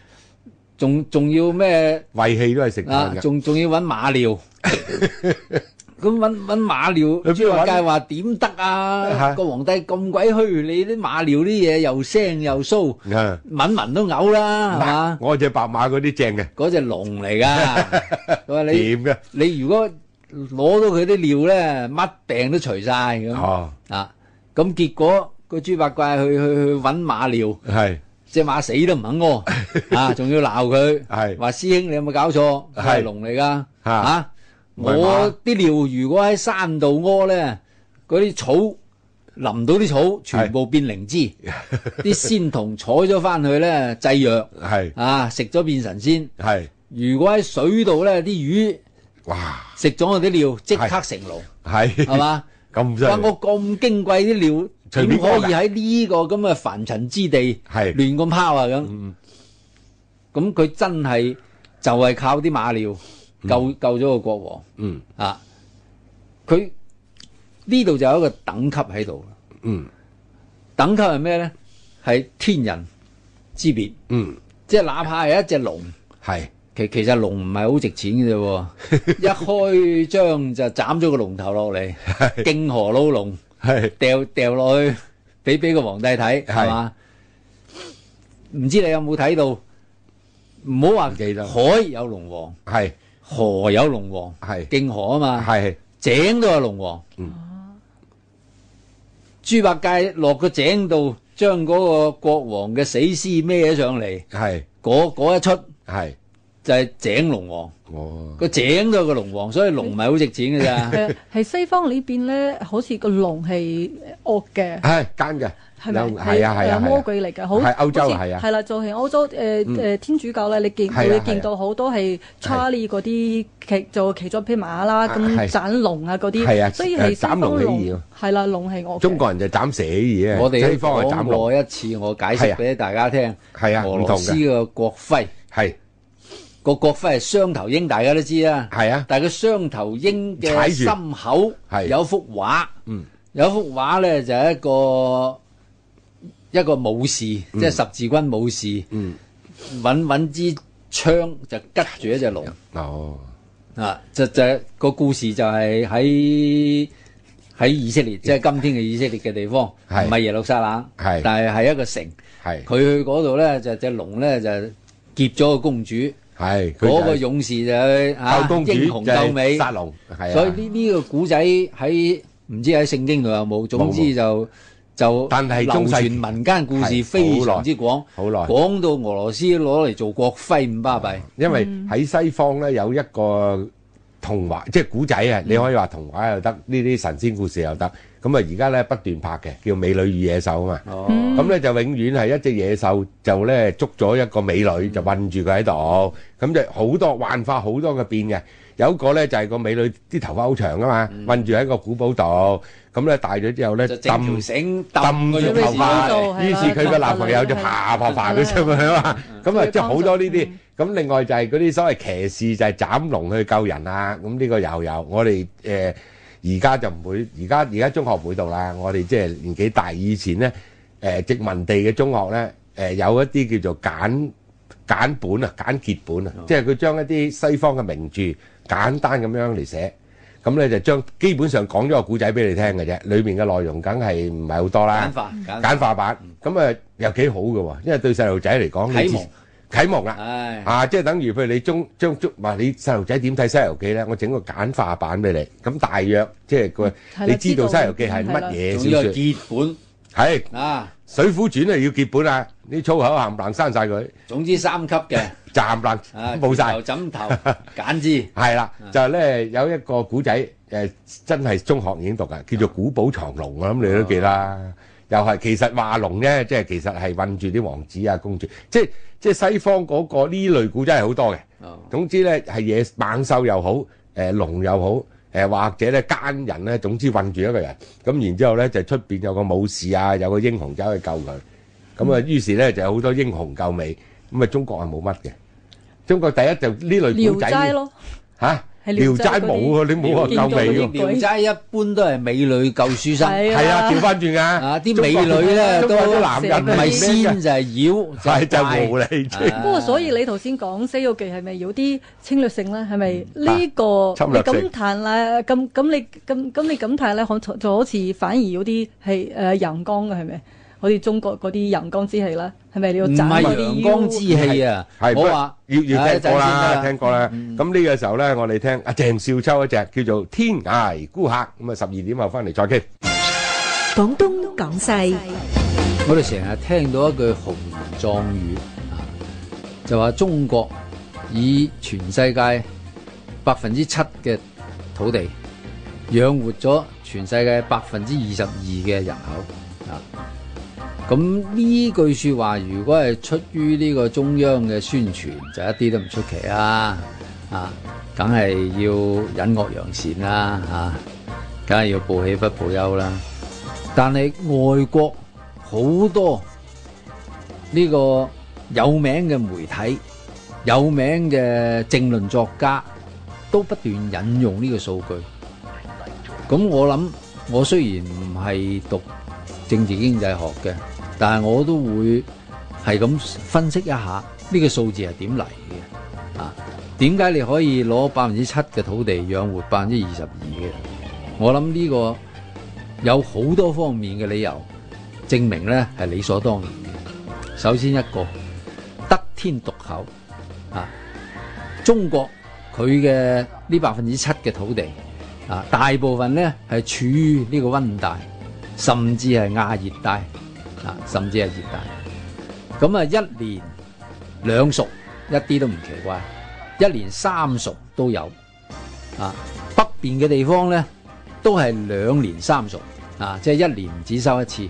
仲仲、啊啊、要咩？胃氣都係食碳嘅。仲仲要搵馬尿。 <laughs> 咁揾揾馬尿，豬八戒話點得啊？個皇帝咁鬼虛，你啲馬尿啲嘢又腥又騷，聞聞都嘔啦，係嘛？我隻白馬嗰啲正嘅。嗰隻龍嚟㗎，佢話你點㗎？你如果攞到佢啲尿咧，乜病都除曬咁啊！咁結果個豬八怪去去去揾馬尿，隻馬死都唔肯屙，仲要鬧佢，話師兄你有冇搞錯？係龍嚟㗎，嚇！我啲尿如果喺山度屙咧，嗰啲草淋到啲草，全部變靈芝。啲 <laughs> 仙童採咗返去咧，製藥，係啊，食咗變神仙。係如果喺水度咧，啲魚哇食咗我啲尿，即刻成龍。係係嘛？咁犀利！哇！我咁矜貴啲尿，點可以喺呢個咁嘅凡塵之地亂咁拋啊？咁咁佢真係就係靠啲馬尿。救救咗個國王，嗯啊，佢呢度就有一個等級喺度，嗯，等級係咩咧？係天人之別，嗯，即係哪怕係一隻龍，係其其實龍唔係好值錢嘅，一開張就斬咗個龍頭落嚟，涇河老龍，係掉掉落去俾俾個皇帝睇，係嘛？唔知你有冇睇到？唔好話海有龍王，係。有龍河有龍王係，涇河啊嘛係，井都有龍王。嗯，豬八戒落個井度，將嗰個國王嘅死屍孭咗上嚟，係嗰嗰一出係。是就係、是、井龍王，個、哦、井都係個龍王，所以龍咪好值錢嘅咋、呃？係 <laughs> 西方呢邊咧，好似個龍係惡嘅，係奸嘅，係咪？係啊係啊魔鬼嚟嘅。係歐洲係啊，係啦、啊，就係歐洲誒誒天主教咧，你見到你、啊啊、見到好多係 Charlie 嗰啲、啊、就騎咗匹馬啦，咁、啊、斬龍啊嗰啲，所以係斬龍起義。係啦、啊，龍係惡。中國人就斬蛇而已。我哋西方係斬。我過一次我解釋俾大家聽，係啊，啊，俄羅斯嘅國徽係。個國徽係雙頭鷹，大家都知啊，係啊，但係個雙頭鷹嘅心口有一幅畫，嗯，有一幅畫咧就係、一個一個武士，即、嗯、係、就是、十字軍武士，揾、嗯、揾支槍就拮住一隻龍。哦，啊，就就、個故事就係喺喺以色列，即、就、係、是、今天嘅以色列嘅地方，唔係耶路撒冷，係，但係係一個城，係。佢去嗰度咧，就隻龍咧就劫咗個公主。係，嗰、就是那個勇士就吓、是啊、英雄救美殺龍、就是啊，所以呢呢個古仔喺唔知喺聖經度有冇？總之就沒沒就流傳民間故事非常之廣，講到俄羅斯攞嚟做國徽唔巴閉。因為喺西方咧有一個童話，即係古仔啊，嗯、你可以話童話又得，呢啲神仙故事又得。咁啊，而家咧不斷拍嘅，叫《美女與野獸》啊嘛。哦。咁咧就永遠係一隻野獸就咧捉咗一個美女，就困住佢喺度。咁就好多幻化好多嘅變嘅。有個咧就係個美女啲頭髮好長啊嘛，困住喺個古堡度。咁咧大咗之後咧，就整條繩掟個頭髮嚟。於是佢個男朋友就爬爬爬佢上去啊嘛。咁啊，即係好多呢啲。咁另外就係嗰啲所謂騎士就係斬龍去救人啊。咁呢個又有我哋誒。而家就唔會，而家而家中學唔會到啦。我哋即係年紀大，以前咧，誒殖民地嘅中學咧，誒有一啲叫做簡簡本啊、簡結本啊，即係佢將一啲西方嘅名著簡單咁樣嚟寫，咁咧就將基本上講咗個故仔俾你聽嘅啫，裏面嘅內容梗係唔係好多啦。簡化簡化版，咁啊又幾好㗎喎，因為對細路仔嚟講，睇望。啟蒙啦，啊，即係等於譬如你中將中，唔係你細路仔點睇《西遊記》咧？我整個簡化版俾你，咁大約即係佢，你知道《西遊記》係乜嘢小説？仲要結本係啊，《水滸傳》啊要結本啊，啲粗口冚唪唥刪曬佢。總之三級嘅冚唪唥冇曬。油枕頭簡字係啦，就咧有一個古仔，誒真係中學已經讀噶，叫做《古堡藏龍》啊，咁你都記啦。又係，其實話龍咧，即係其實係困住啲王子啊公主，即係即係西方嗰個呢類古真係好多嘅。總之咧係野猛獸又好，誒龍又好，誒或者咧奸人咧，總之困住一個人。咁然之後咧就出邊有個武士啊，有個英雄走去救佢。咁啊於是咧就有好多英雄救美。咁啊中國係冇乜嘅，中國第一就呢類古仔咯嚇。聊齋冇喎，你冇話舊尾喎。聊齋一般都係美女救書生，係啊，調翻轉啊！啊，啲美女咧都係啲男人，唔係仙就係妖，就就無理啫。不過，所以你頭先講西遊記係咪有啲侵略性咧？係咪呢個你咁彈咧？咁咁你咁咁你咁睇咧，好就好似反而有啲係誒陽光嘅，係咪？好似中國嗰啲陽光之氣啦，係咪你要斬嗰光之氣啊！我話要要聽歌啦，聽歌啦！咁、嗯、呢、嗯、個時候咧，我哋聽阿鄭少秋嗰隻叫做《天涯孤客》。咁啊，十二點後翻嚟再傾。廣東廣西，我哋成日聽到一句豪言壯語啊，就話中國以全世界百分之七嘅土地，養活咗全世界百分之二十二嘅人口啊！咁呢句說話，如果係出於呢個中央嘅宣傳，就一啲都唔出奇啦。啊，梗係要隱惡揚善啦，吓，梗係要報喜不報憂啦。但係外國好多呢個有名嘅媒體、有名嘅政論作家，都不斷引用呢個數據。咁我諗，我雖然唔係讀政治經濟學嘅。但係我都會係咁分析一下呢個數字係點嚟嘅啊？點解你可以攞百分之七嘅土地養活百分之二十二嘅？我諗呢個有好多方面嘅理由，證明咧係理所當然嘅。首先一個得天獨厚啊！中國佢嘅呢百分之七嘅土地啊，大部分咧係處於呢個温帶，甚至係亞熱帶。甚至係熱帶，咁啊一年兩熟，一啲都唔奇怪。一年三熟都有，啊北邊嘅地方咧都係兩年三熟，啊即係一年只收一次。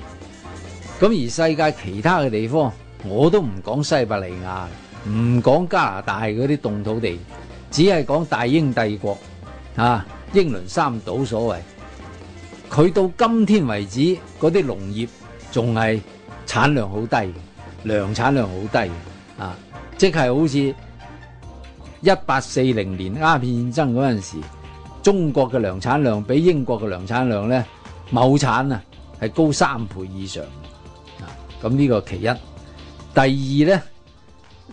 咁而世界其他嘅地方，我都唔講西伯利亞，唔講加拿大嗰啲凍土地，只係講大英帝國，啊英倫三島所謂，佢到今天為止嗰啲農業。仲係產量好低，糧產量好低啊！即係好似一八四零年鴉片戰爭嗰陣時，中國嘅糧產量比英國嘅糧產量呢畝產啊，係高三倍以上啊！咁呢個其一，第二呢，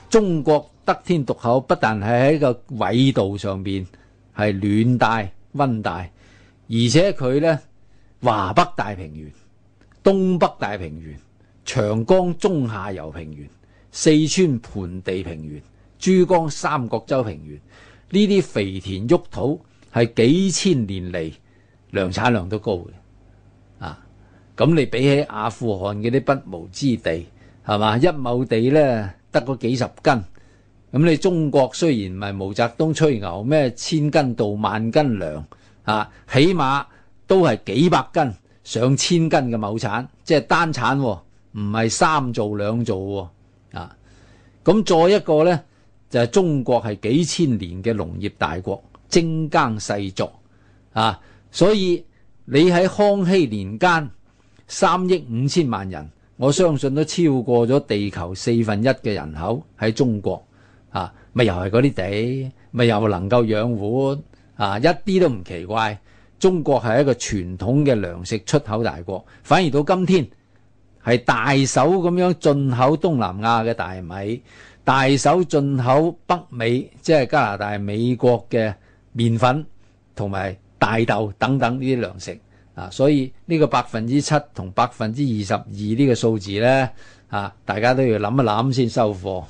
中國得天獨厚，不但係喺個緯度上面係暖帶溫帶，而且佢呢華北大平原。東北大平原、長江中下游平原、四川盆地平原、珠江三角洲平原，呢啲肥田沃土係幾千年嚟糧產量都高嘅。啊，咁你比起阿富汗嗰啲不毛之地，係嘛一畝地呢得嗰幾十斤，咁你中國雖然唔係毛澤東吹牛咩千斤稻萬斤糧，啊，起碼都係幾百斤。上千斤嘅畝產，即係單產喎，唔係三造兩造喎，哦。啊，咁再一個呢，就係中國係幾千年嘅農業大國，精耕細作啊，所以你喺康熙年間三億五千萬人，我相信都超過咗地球四分一嘅人口喺中國啊，咪又係嗰啲地，咪又能夠養活啊，一啲都唔奇怪。中國係一個傳統嘅糧食出口大國，反而到今天係大手咁樣進口東南亞嘅大米，大手進口北美，即係加拿大、美國嘅麵粉同埋大豆等等呢啲糧食啊，所以呢個百分之七同百分之二十二呢個數字呢，啊，大家都要諗一諗先收貨。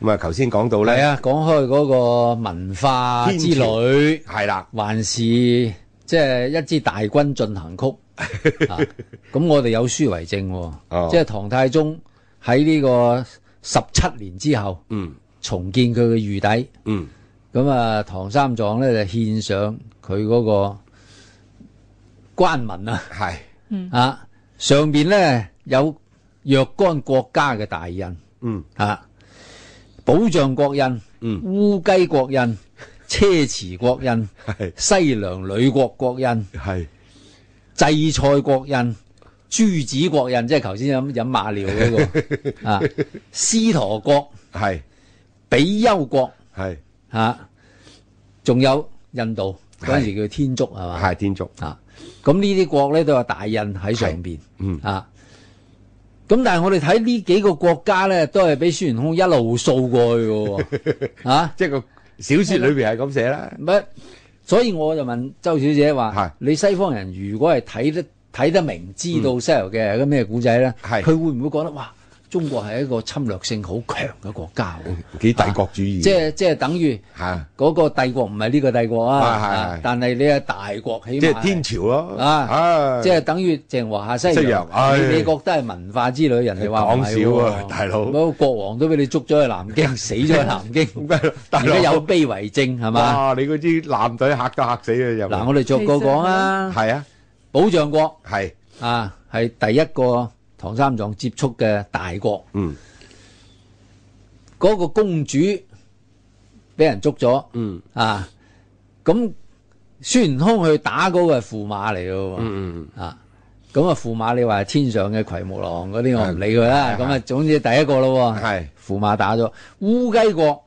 咁啊，頭先講到呢，啊，講開嗰個文化之旅係啦，還是？即係一支大軍進行曲，咁、 <laughs> 啊、我哋有書為證，啊， <laughs> 即係唐太宗喺呢個十七年之後，重建佢嘅御邸，咁 <laughs> 啊、嗯、唐三藏咧就獻上佢嗰個關文啊，嗯、啊上面咧有若干國家嘅大印，嗯啊、寶象國印，嗯、烏雞國印。車遲國印，西涼女國國印，係祭賽國印，朱子國印，即係頭先飲飲馬尿嗰、那個 <laughs> 啊，獅駝國係，比丘國係，吓，仲、啊、有印度嗰陣時叫天竺係嘛，係天竺啊，咁呢啲國咧都有大印喺上邊，嗯啊，咁但係我哋睇呢幾個國家呢，都係俾孫悟空一路掃過去噶， <laughs> 啊，即係個。小說裏邊係咁寫啦，唔係，所以我就問周小姐話係你西方人如果係睇得睇得明，知道《西遊》嘅個咩古仔咧，佢會唔會覺得哇。中國係一個侵略性好強嘅國家，幾帝國主義。即係即係等於嗰個帝國唔係呢個帝國啊，但係你係大國起碼。即係天朝咯。啊，即係等於鄭和下西洋。西洋，你你覺得係文化之類，人哋話講笑啊，大佬。個國王都俾你捉咗去南京，死咗去南京。而家有碑為證，係嘛？哇！你嗰啲艦隊嚇都嚇死啦，又嗱，我哋逐個講啊。係啊，保障國係啊，係第一個。唐三藏接觸嘅大國，嗯，嗰、那個公主俾人捉咗，嗯啊，咁孫悟空去打嗰個駙馬嚟咯，嗯，嗯啊，咁啊駙馬，你話天上嘅奎木狼嗰啲我唔理佢啦，咁啊總之第一個咯，係駙馬打咗烏雞國。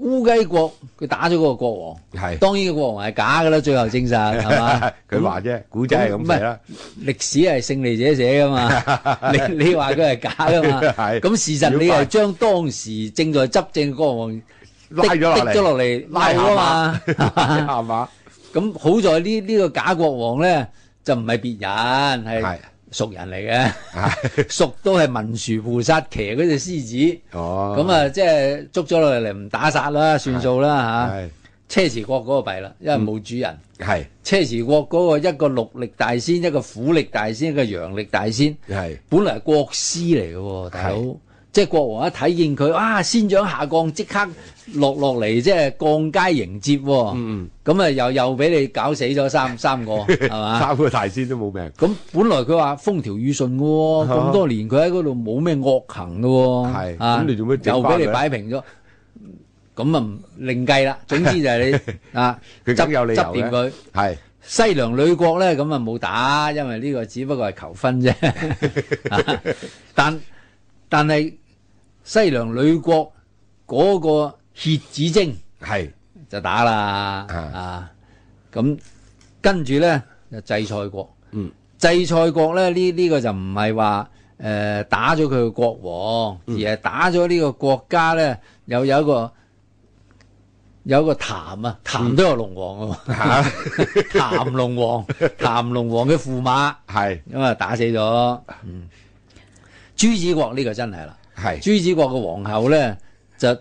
烏雞國佢打咗嗰個國王，係當然個國王係假噶啦，最後證實係嘛，佢話啫，古仔係咁嚟啦。嗯、歷史係勝利者寫噶嘛， <laughs> 你你話佢係假噶嘛，咁事實你又將當時正在執政嘅國王拉咗落嚟，拉下馬，拉下馬 <laughs> 下馬 <laughs> 咁好在呢呢個假國王咧就唔係別人，係。熟人嚟嘅， <laughs> <laughs> 熟都係文殊菩薩騎嗰隻獅子，咁啊即係捉咗落嚟唔打殺啦，算數啦嚇。車遲、啊、國嗰個弊啦，因為冇主人。係車遲國嗰個一個鹿力大仙，一個虎力大仙，一個羊力大仙，係本嚟係國師嚟嘅喎，大佬。即係國王一睇見佢，啊，仙長下降即刻落落嚟，即係降階迎接喎。咁啊，又又俾你搞死咗三三個，係嘛？三個大仙都冇命。咁本來佢話風調雨順嘅喎，咁多年佢喺嗰度冇咩惡行嘅喎。係，咁你做咩？又俾你擺平咗。咁啊，另計啦。總之就係你啊，執，又你執掂佢。係西涼女國咧，咁啊冇打，因為呢個只不過係求婚啫。但但係。西梁女國嗰個蠍子精係就打啦，啊，咁跟住咧，祭賽國，嗯、祭賽國咧，呢呢、這個這個就唔係話誒打咗佢嘅國王，嗯、而係打咗呢個國家咧，又有，有一個有一個潭啊，潭都有龍王啊，潭、嗯、龍 <laughs> 龍王，潭 <laughs> 龍王嘅駙馬係，咁啊打死咗、嗯、朱紫國呢個真係啦。係朱子國嘅皇后咧，就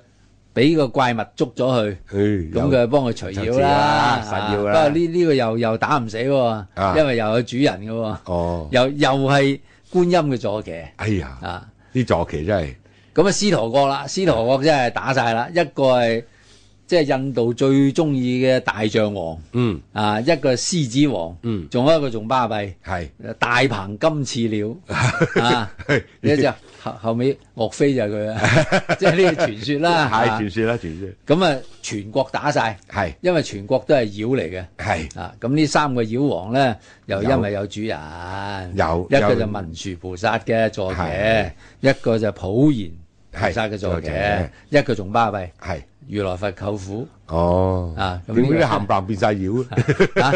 俾個怪物捉咗去，咁佢幫佢除妖啦，不過呢呢個又又打唔死、啊，因為又有主人噶、啊哦，又又係觀音嘅坐騎。哎呀，啊，啲坐騎真係。咁啊，獅陀國啦，獅陀國真係打晒啦、嗯，一個係即係印度最中意嘅大象王，嗯啊，一個獅子王，嗯仲有一個仲巴閉，係大鵬金翅鳥，啊，呢 <laughs> 隻。後係後尾岳飛就佢啦，即係呢個傳說啦，係傳說啦，傳說。咁 <laughs> 啊，全國打晒，係，因為全國都係妖嚟嘅，係。啊，咁呢三個妖王咧，又因為有主人，有一個就文殊菩薩嘅坐騎，一個就普賢，係，菩薩嘅坐騎，一個仲巴閉，係，如來佛舅父，哦，啊，點解冚唪唥變晒妖 <laughs> 啊，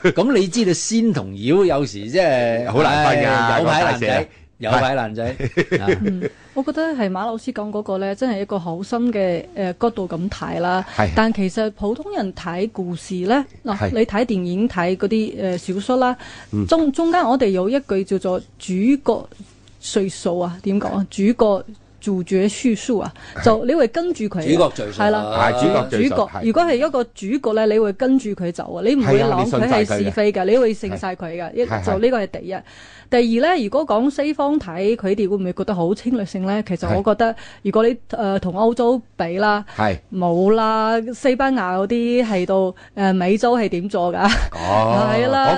咁你知道仙同妖有時即係好難分嘅，哎，有排難寫。那個。有位男仔、 <laughs> 嗯，我覺得係馬老師講嗰個咧，真係一個好深嘅誒、呃、角度咁睇啦。但其實普通人睇故事咧，嗱、哦，你睇電影睇嗰啲誒小說啦，嗯、中中間我哋有一句叫做主角歲數啊，點講啊，主角。主角嘅敘述啊，就你會跟住佢，係啦，主角，主角。如果係一個主角咧，你會跟住佢走啊，你唔會諗佢係是非嘅，你會信晒佢嘅。就呢個係第一。第二咧，如果講西方睇佢哋會唔會覺得好侵略性咧？其實我覺得，如果你誒同、呃、歐洲比啦，冇啦，西班牙嗰啲係到誒美洲係點做㗎？哦，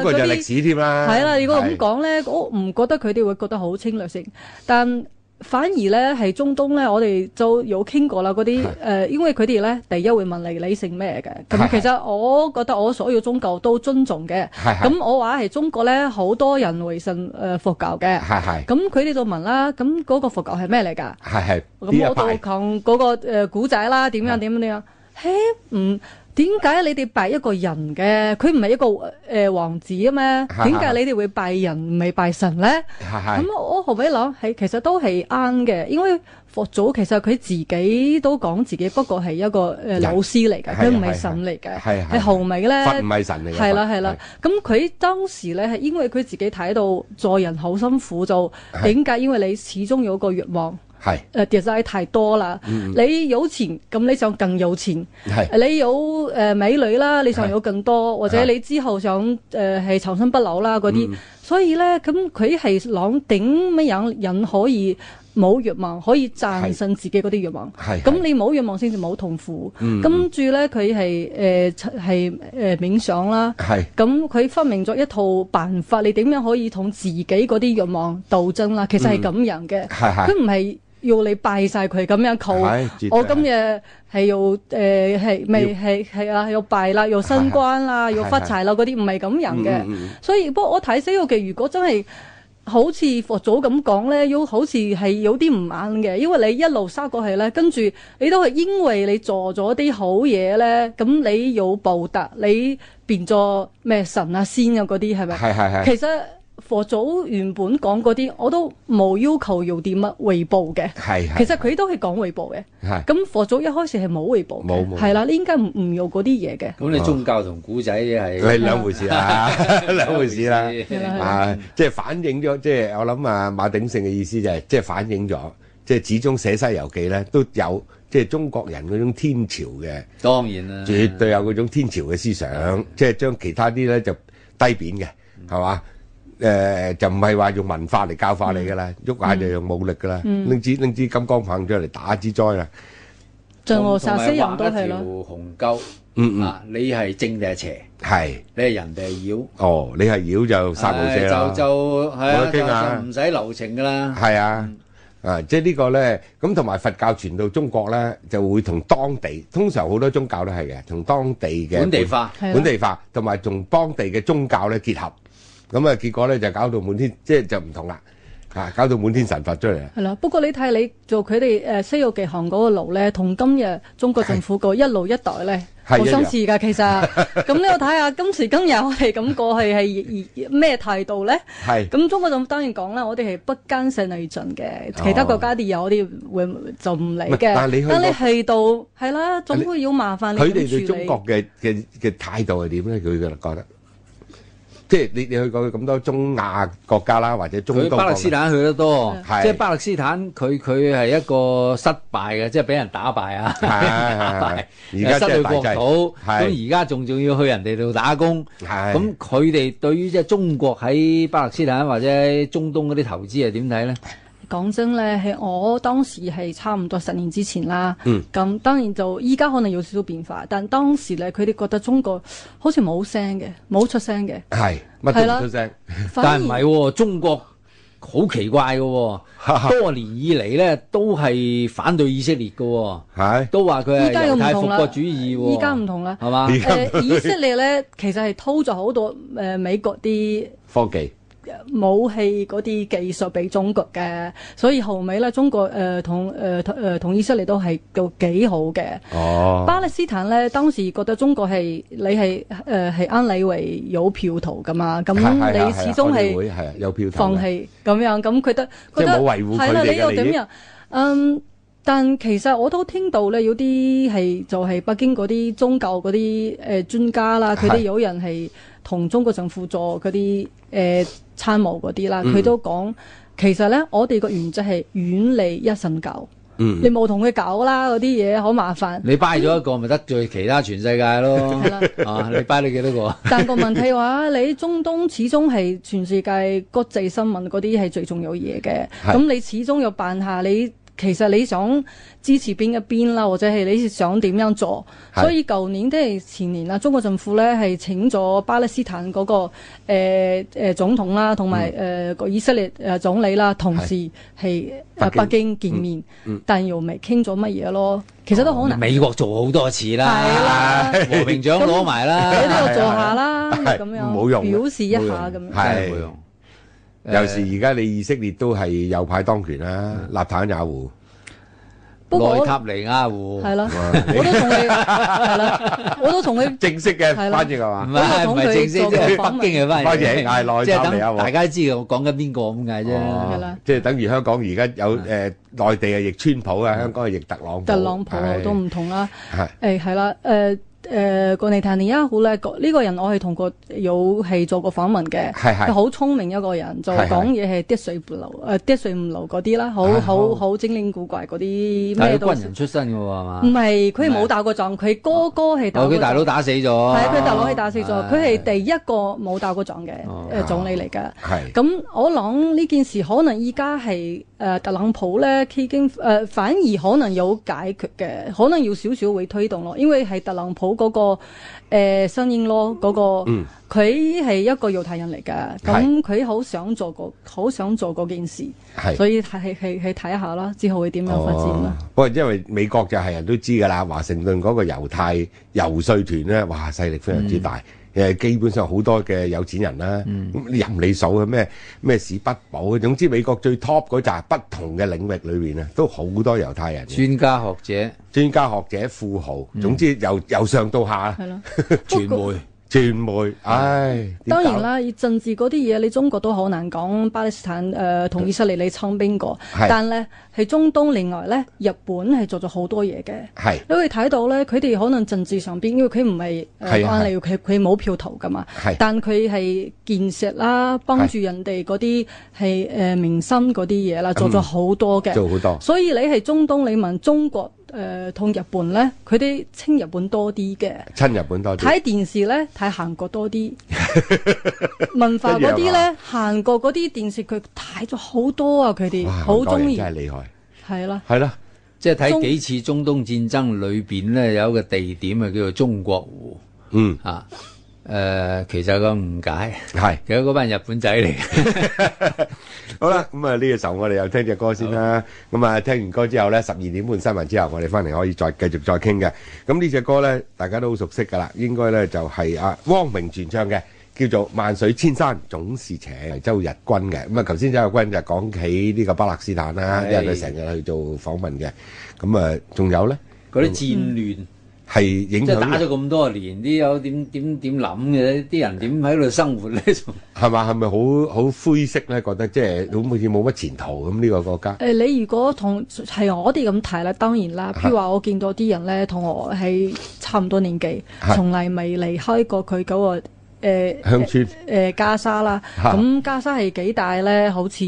講句歷史添啦。係啦，如果咁講咧，我唔覺得佢哋會覺得好侵略性，但反而咧係中東咧，我哋就有傾過啦。嗰啲誒，因為佢哋咧第一會問你你姓咩嘅。咁其實我覺得我所有宗教都尊重嘅。咁我話係中國咧，好多人會信佛教嘅。咁佢哋就問啦，咁嗰個佛教係咩嚟㗎？咁我就講嗰個、呃、古仔啦，點樣點樣點樣？嘿，唔、hey? 嗯、～點解你哋拜一個人嘅？佢唔係一個誒、呃、王子啊？咩？點解你哋會拜人唔係 <laughs> 拜，拜神咧？咁 <laughs> 我後尾諗係其實都係啱嘅，因為佛祖其實佢自己都講自己不過係一個誒老師嚟嘅，佢唔係神嚟嘅。係 <laughs> 係、啊，係、啊啊、唔係神嚟嘅？係啦係啦。咁佢、啊啊啊、當時咧係因為佢自己睇到做人好辛苦，就點解？為因為你始終有個欲望。係誒、uh, design 太多啦、嗯，你有錢咁你想更有錢，你有美女啦，你想有更多，或者你之後想誒係長生不老啦嗰啲，嗯，所以咧咁佢係諗點乜樣人可以冇欲望，可以戰勝自己嗰啲欲望，咁、嗯、你冇欲望先至冇痛苦。跟住咧佢係誒係誒冥想啦，咁佢、嗯嗯、發明咗一套辦法，你點樣可以同自己嗰啲欲望鬥爭啦。其實係咁樣嘅，佢唔係。要你拜晒佢咁樣求，我今日係要誒係咪係係啊？要拜啦，又升官啦，又發財啦，嗰啲唔係咁樣嘅。所以不過我睇《西遊記》，如果真係好似佛祖咁講咧，要好似係有啲唔啱嘅，因為你一路殺過去咧，跟住你都係因為你做咗啲好嘢咧，咁你有報答，你變咗咩神啊仙啊嗰啲係咪？係係係其實。佛祖原本講嗰啲，我都冇要求要啲乜回報嘅。係係，其實佢都係講回報嘅。係。咁佛祖一開始係冇回報。冇冇，係啦，你應該唔唔用嗰啲嘢嘅。咁你宗教同古仔係兩回事啦，就是哦，兩回事啦。即 <laughs> 係事， <laughs> 啊就是、反映咗，即、就、係、是、我諗啊馬鼎盛嘅意思就係、是，即、就、係、是、反映咗，即、就、係、是、始終寫《西遊記》呢咧都有，即、就、係、是、中國人嗰種天朝嘅。當然啦，絕對有嗰種天朝嘅思想，即、就、係、是、將其他啲咧就低扁嘅，係、嗯、嘛？誒，就唔係話用文化嚟教化你噶啦，喐下就用武力噶啦，拎支拎支金剛棒出嚟打之災啦。殺死人都係咯，畫一條鴻溝。嗯嗯，你係正定邪，係你係人定妖。哦，你係妖就殺無赦啦。就就係啊，就唔使留情噶啦。係啊，啊，即係呢個咧，咁同埋佛教傳到中國咧，就會同當地通常好多宗教都係嘅，同當地嘅本地化，本地化，同埋同當地嘅宗教咧結合。咁啊，結果咧就搞到滿天，即係就唔同啦，吓搞到滿天神佛出嚟。係啦，不過你睇你做佢哋誒《西遊記》行嗰個路咧，同今日中國政府個一路一帶咧好相似噶。其實咁，你要睇下今時今日我哋係咁過去係咩態度咧？係咁，中國政府當然講啦，我哋係不干涉內政嘅，其他國家啲有啲會就唔理嘅。但係你去到係啦，總會有麻煩。佢哋對中國嘅嘅嘅態度係點咧？佢哋覺得？即係你，你去過咁多中亞國家啦，或者中東國家。去巴勒斯坦去得多，即係、就是、巴勒斯坦佢佢係一個失敗嘅，即係俾人打敗啊！係。而家失去國土，咁而家仲仲要去人哋度打工。係。咁佢哋對於即係中國喺巴勒斯坦或者喺中東嗰啲投資係點睇咧？講真咧，係我當時係差唔多十年之前啦。嗯，咁當然就依家，可能有少少變化，但當時咧，佢哋覺得中國好似冇聲嘅，冇出聲嘅。係，乜都唔出聲。但唔係，哦，中國好奇怪嘅，哦， <laughs> 多年以嚟咧都係反對以色列㗎係，哦， <laughs> 都話佢係猶太復國主義，哦。依家唔同啦。係嘛，呃？以色列咧，其實係偷咗好多誒，呃、美國啲科技。武器嗰啲技術俾中國嘅，所以後尾咧中國誒、呃、同誒誒同意出嚟都係叫幾好嘅。哦、oh.，巴勒斯坦咧當時覺得中國係你係誒係安理會有票投噶嘛，咁你始終係放棄咁樣，咁佢得即係冇維護啦，你又點樣，嗯，但其實我都聽到咧有啲係就係北京嗰啲宗教嗰啲誒專家啦，佢哋有人係。同中國政府做嗰啲誒參謀嗰啲啦，佢都講、嗯、其實咧，我哋個原則係遠離一神教，嗯、你冇同佢搞啦，嗰啲嘢好麻煩。你拜咗一個，咪、嗯、得罪其他全世界咯。啦、 <laughs> 啊，你拜咗幾多個？但個問題話，你中東始終係全世界國際新聞嗰啲係最重要嘢嘅，咁你始終要辦下你。其實你想支持邊一邊啦，或者係你想點樣做？所以舊年即係、就是、前年中國政府咧係請咗巴勒斯坦嗰、那個誒總、呃、總統啦，同埋誒個以色列誒總理啦，同時係北京見面，是嗯嗯、但又未傾咗乜嘢咯。其實都可能美國做好多次、啊、 <laughs> 啦，和平獎攞埋啦，喺呢度坐下啦，咁、 <laughs> 啊啊、用、啊、表示一下咁樣、啊有時而家你以色列都係右派當權啦，納坦雅胡，內塔尼亞胡，係咯，我都同你，係咯，我都同佢，正式嘅翻譯係嘛？唔係唔係正式即係北京嘅翻譯，即係等大家知道我講緊邊個咁解啫，咁樣噶啦，即係等於香港而家有誒內地嘅逆川普啊，香港嘅逆特朗普，特朗普都唔同啦，係誒係啦誒。誒過你聽，而家好叻。呢個人我係同過有係做過訪問嘅，係係好聰明一個人，就講嘢係滴水不漏，誒滴、呃、水唔漏嗰啲啦，好好好，好精靈古怪嗰啲。咩軍人出身嘅喎，係嘛？唔係佢冇打過仗，佢哥哥係打過仗。佢、啊啊、大佬打死咗。係啊，佢大佬係打死咗，佢、啊、係第一個冇打過仗嘅、啊啊、總理嚟嘅。咁我諗呢件事可能依家係誒特朗普咧，已經、呃、反而可能有解決嘅，可能要少少會推動咯，因為係特朗普。嗰、那個相應、呃、咯，嗰、那個佢係、嗯、一個猶太人嚟㗎，咁佢好想做好想做嗰件事，所以去睇下咯，之後會點樣發展啦？不、哦、過因為美國就係人都知㗎啦，華盛頓嗰個猶太遊説團咧，哇勢力非常之大。嗯誒基本上好多嘅有錢人啦，咁你任你數嘅咩咩市不保，總之美國最 top 嗰啲係，不同嘅領域裏面啊，都好多猶太人，專家學者，專家學者富豪，總之由由上到下，傳媒。傳媒，唉，當然啦，以政治嗰啲嘢，你中國都好難講巴勒斯坦誒同、呃、以色列你撐邊個？但係咧喺中東，另外咧，日本係做咗好多嘢嘅。係你可以睇到咧，佢哋可能政治上邊，因為佢唔係誒關你佢佢冇票投噶嘛。但佢係建設啦，幫住人哋嗰啲係誒民心嗰啲嘢啦，做咗好多嘅、嗯。做好多。所以你係中東，你問中國。誒、呃，同日本咧，佢啲清日本多啲嘅，親日本多啲，睇電視咧，睇韓國多啲 <laughs> 文化嗰啲咧，韓國嗰啲電視佢睇咗好多啊！佢哋好中意，真係厲害，係啦，係啦，即係睇幾次中東戰爭裏邊咧，有一個地點啊，叫做中國湖，嗯啊。誒，其實個誤解係，其實嗰班日本仔嚟嘅。好啦，咁啊呢隻首我哋又聽隻歌先啦。咁啊聽完歌之後咧，十二點半新聞之後，我哋翻嚟可以再繼續再傾嘅。咁呢隻歌咧，大家都好熟悉㗎啦，應該咧就係啊汪明荃唱嘅，叫做《萬水千山總是情》，周日軍嘅。咁啊，頭先周日軍就講起呢個巴勒斯坦啦，因為佢成日去做訪問嘅。咁啊，仲有咧？嗰啲戰亂。係影響。即係打咗咁多年，啲有點點點諗嘅，呢啲人點喺度生活咧？係嘛？係咪好好灰色咧？覺得即係好似冇乜前途咁呢個國家。呃，你如果同係我哋咁睇咧，當然啦。譬如話，我見到啲人咧，同我喺差唔多年紀，從嚟未離開過佢嗰個。誒鄉村加沙啦，咁、啊、加沙係幾大咧？好似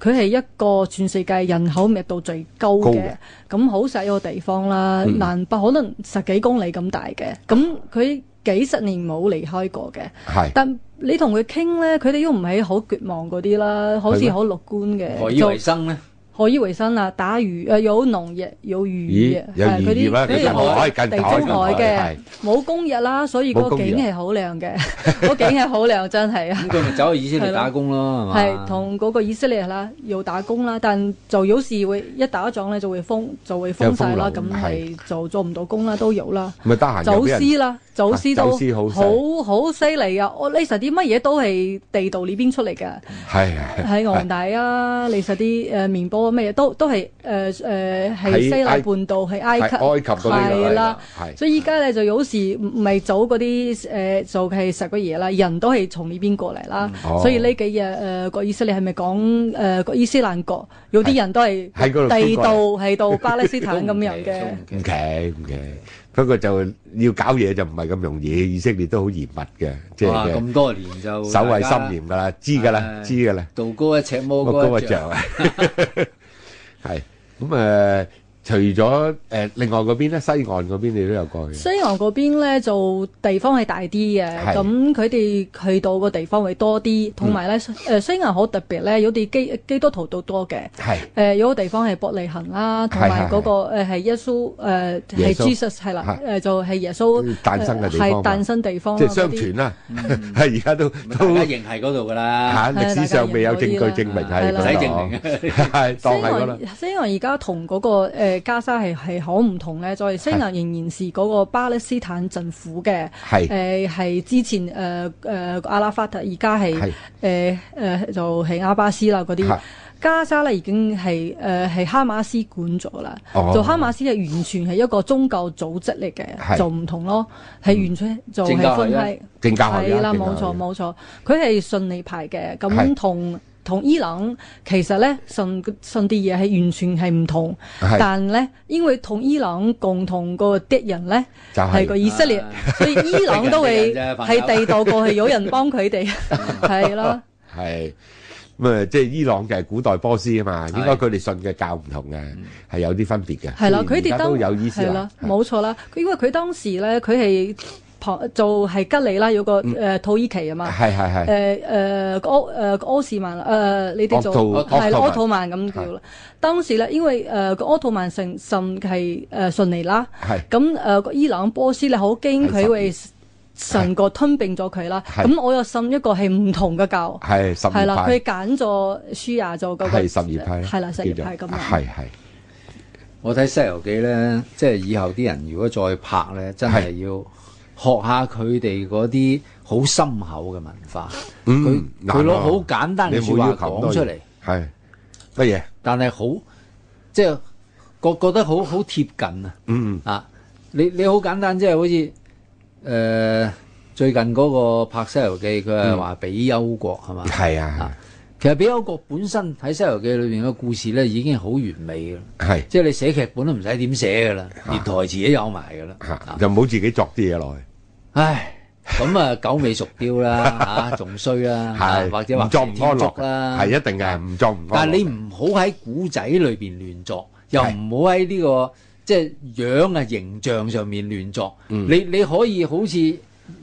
佢係一個全世界人口密度最高嘅，咁好細個地方啦，南、嗯、北可能十幾公里咁大嘅，咁佢幾十年冇離開過嘅。係，但你同佢傾咧，佢哋都唔係好絕望嗰啲啦，好似好樂觀嘅。何以為生咧？我以為新啦，打魚誒有農業有漁業，佢啲地中海嘅冇工業啦，所以個景係好靚嘅，個景係好靚真係啊！咁佢咪走去以色列打工咯，係咪？係同嗰個以色列啦，又打工啦，但就有時會一打一仗咧，就會封就會封晒啦，咁係就做唔到工啦，都有啦，咪得閒走私啦。老師都、啊、好好犀利啊，我呢實啲乜嘢都係地道呢邊出嚟嘅，喺喺、啊、澳大啊，呢實啲誒麵包啊咩嘢、呃、都都係誒誒喺西奈半島，係埃，埃，埃及，埃及係啦、啊啊啊，所以依家咧就好似唔係早嗰啲誒做係食嗰嘢啦，人都係從呢邊過嚟啦、哦，所以呢幾日誒、呃那個以色列你係咪講誒個伊斯蘭國有啲人都係地道係、啊那個啊、到巴勒斯坦咁 <laughs> 樣嘅，OK k 不過就要搞嘢就唔係咁容易，以色列都好嚴密嘅，即係。哇！咁多年就守衞森嚴噶啦，知噶啦，知噶啦。道高一尺，魔高一丈。係咁誒。 <laughs> <laughs> 除咗誒、呃，另外嗰邊咧，西岸嗰邊你都有過去。西岸嗰邊咧就地方係大啲嘅，咁佢哋去到個地方會多啲，同埋咧誒西岸好特別咧，有啲基基督徒都多嘅。係誒、呃、有個地方係伯利恆啦，同埋嗰個誒係耶穌誒係 Jesus 係啦，誒就係耶穌誕、啊啊、生嘅地方。係誕、啊、生地方。啊、即係相傳啦，係而家都都認係嗰度㗎啦嚇。歷史上未有證據證明係㗎嘛，係當係嗰度。啊啊啊、 <laughs> 西岸而家同嗰個、呃加沙係係好唔同咧，在西岸仍然是嗰個巴勒斯坦政府嘅，誒係、呃、之前誒誒、呃呃、阿拉法特，而家係誒誒就係、是、阿巴斯啦嗰啲，加沙咧已經係誒係哈馬斯管咗啦，做、哦、哈馬斯嘅完全係一個宗教組織嚟嘅，就唔同咯，係、嗯、完全就係分開，政教係啦，冇錯冇錯，佢係遜尼派嘅，咁同。同伊朗其實咧信信啲嘢係完全係唔同，但咧因為同伊朗共同個敵人咧就係、是、個以色列、啊，所以伊朗都會喺地道過去有人幫佢哋，係咯。係咁啊， <laughs> 是的 <laughs> 即係伊朗嘅係古代波斯啊嘛，應該佢哋信嘅教唔同嘅，係、嗯、有啲分別嘅。係啦，佢哋都，都有意思啦，冇錯啦。因為佢當時咧，佢係。就做係吉利啦，有個誒、嗯、土耳其啊嘛，係係係誒誒歐誒歐、歐士曼誒、呃，你哋做係、哦啊、歐土曼咁叫。當時咧，因為誒個、呃、歐土曼成甚係誒順利啦，咁誒、呃、伊朗波斯咧好驚佢會神個吞併咗佢啦。咁，我又信一個係唔同嘅教係係啦，佢揀咗舒亞做個係十二派係係啦十二派咁樣。係我睇《西遊記》咧、啊，即係以後啲人如果再拍咧，真係要。學下佢哋嗰啲好深厚嘅文化，佢佢攞好簡單嘅、嗯、說話講出嚟，係乜嘢？但係好即係覺覺得好好貼近啊！嗯啊，你你好簡單，即、就、係、是、好似誒、呃、最近嗰個拍《西遊記》，佢係話比丘國係嘛？係、嗯、啊，啊，其實比丘國本身喺《西遊記》裏邊嘅故事咧，已經好完美咯。係即係你寫劇本都唔使點寫噶啦，連台詞都有埋噶啦，就唔好自己作啲嘢落去。唉，咁啊，狗尾續貂啦，仲衰啦，或者話唔作唔安樂啦，係一定嘅，唔作唔安樂。但係你唔好喺古仔裏邊亂作，又唔好喺呢個即係樣啊形象上面亂作。你你可以好似《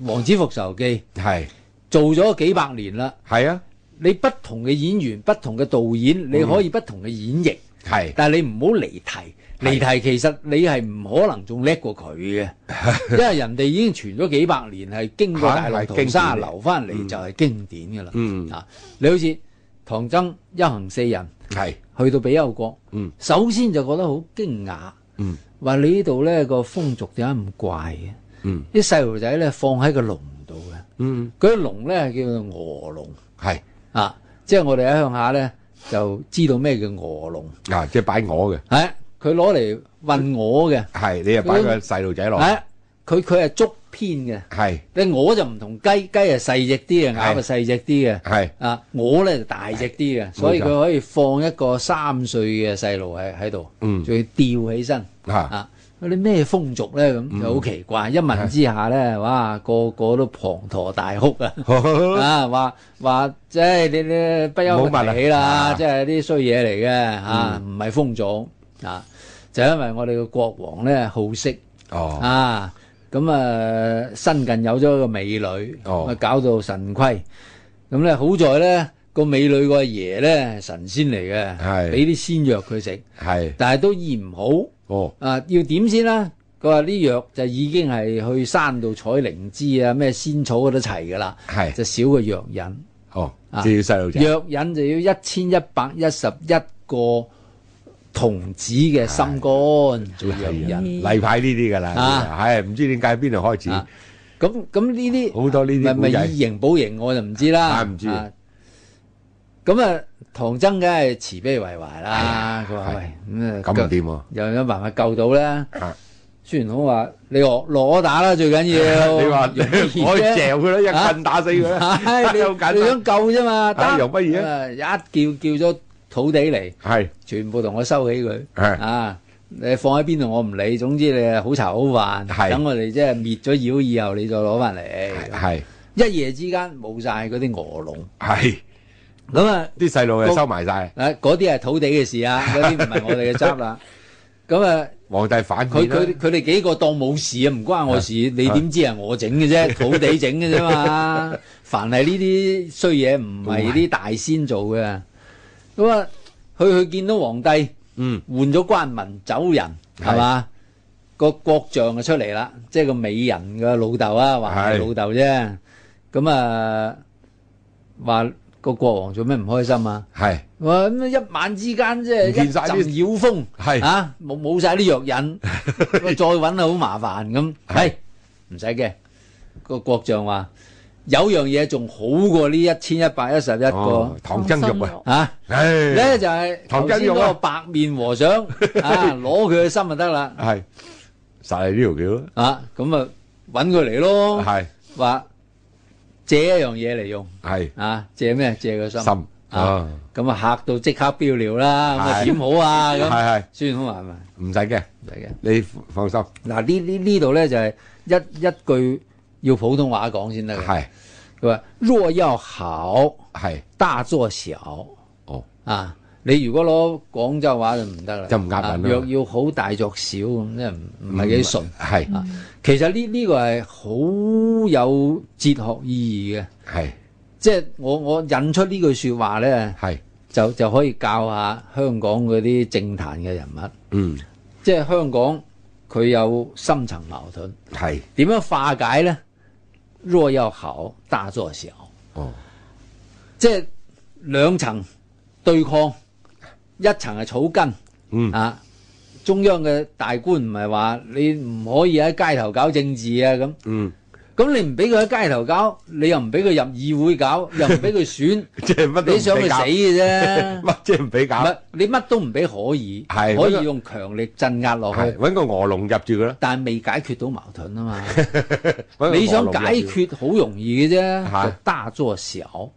王子復仇記》，係做咗幾百年啦。係啊，你不同嘅演員，不同嘅導演，你可以不同嘅演繹。係，但係你唔好離題。離題，其實你係唔可能仲叻過佢嘅， <laughs> 因為人哋已經傳咗幾百年，係經過大浪淘沙留翻嚟就係經典噶啦。嗯、嗯啊，你好似唐僧一行四人係去到比丘國，嗯，首先就覺得好驚訝，嗯，話你呢度呢個風俗點解咁怪嘅？嗯，啲細路仔咧放喺個籠度嘅，嗯，嗰個籠咧叫做鵝籠，係啊，即係我哋喺鄉下咧就知道咩叫鵝籠啊，即係擺鵝嘅，係。佢攞嚟問我嘅。係你又擺個細路仔落，佢佢係捉編嘅，係。但鵝就唔同雞，雞係細隻啲嘅，鴨係細隻啲嘅，係啊，鵝咧就大隻啲嘅，所以佢可以放一個三歲嘅細路喺喺度，嗯，仲要吊起身，啊，嗰啲咩風俗咧咁，就好奇怪。一聞之下咧，哇，個個都滂沱大哭啊，啊，話話即係你你不休唔起啦，即係啲衰嘢嚟嘅，吓唔係風俗。啊！就因為我哋個國王咧好色，哦啊，啊咁啊新近有咗個美女哦，搞到神虧咁咧。啊、好在咧個美女個爺咧神仙嚟嘅，係俾啲仙藥佢食，係但係都醫唔好哦。啊，要點先啦？佢話啲藥就已經係去山度採靈芝啊，咩仙草嗰啲齊噶啦，係就少個藥引哦。啊，要細路仔藥引就要一千一百一十一個童子嘅心肝，仲係人例牌呢啲噶啦，係唔知點解邊度開始？咁咁呢啲好多呢啲，咪咪以形補形，我就唔知啦。唔知咁啊，唐僧梗係慈悲為懷啦。佢話：喂咁啊，咁又點？又有辦法救到咧？孫悟空話：你攞攞打啦，最緊要。你話可以嚼佢啦，一棍打死佢啦。你你想救啫嘛？打又不如啊！一叫叫咗。土地嚟，係全部同我收起佢。啊，你放喺邊度我唔理，總之你好茶好飯，等我哋即係滅咗妖以後，你再攞翻嚟。係一夜之間冇晒嗰啲鵝籠，係咁啊，啲細路又收埋晒。嗱嗰啲係土地嘅事啊，嗰啲唔係我哋嘅執啦，咁 <laughs> 啊，皇帝反佢佢佢哋幾個當冇事啊，唔關我事，你點知係我整嘅啫，土地整嘅啫嘛， <laughs> 凡係呢啲衰嘢唔係啲大仙做嘅。咁啊，去去見到皇帝，嗯，換咗關文走人，係嘛？個國丈就出嚟啦，即係個美人嘅老豆啊，話係老豆啫。咁啊，話個國王做咩唔開心啊？係我話咁一晚之間即係一陣妖風，係啊冇冇曬啲藥引，再揾好麻煩咁。係唔使驚嘅，個國丈話。有樣嘢仲好過呢一千一百一十一個唐僧肉啊！咧就係頭先嗰個白面和尚，攞佢嘅心就得啦。係，晒係呢條橋啊！咁啊，揾佢嚟咯。係，話借一樣嘢嚟用。係，啊借咩？借個心。心啊！咁啊嚇到即刻標尿啦！咁啊點好啊？咁係係，孫悟空係咪？唔使嘅，唔使嘅，你放心。嗱呢呢呢度咧就係一一句。要普通話講先得，係佢話若要好係大作小哦啊！你如果攞廣州話就唔得啦，就唔啱，啊。若要好大作小咁，即係唔唔係幾順。係，其實呢、呢，這個係好有哲學意義嘅。係，即、就、係、是、我我引出句呢句說話咧，係就就可以教下香港嗰啲政壇嘅人物。嗯，即、就、係、是、香港佢有深層矛盾，係點樣化解咧？若要好大作小，哦，即係兩層對抗，一層係草根，嗯啊，中央嘅大官唔係話你唔可以喺街頭搞政治啊咁，嗯。咁你唔俾佢喺街頭搞，你又唔俾佢入議會搞，又唔俾佢選， <laughs> 你想佢死嘅啫，乜即係唔俾搞？乜你乜都唔俾可以，可以用強力鎮壓落去，搵個鵝籠入住佢啦。但係未解決到矛盾啊嘛， <laughs> 你想解決好容易嘅啫，打咗個時候，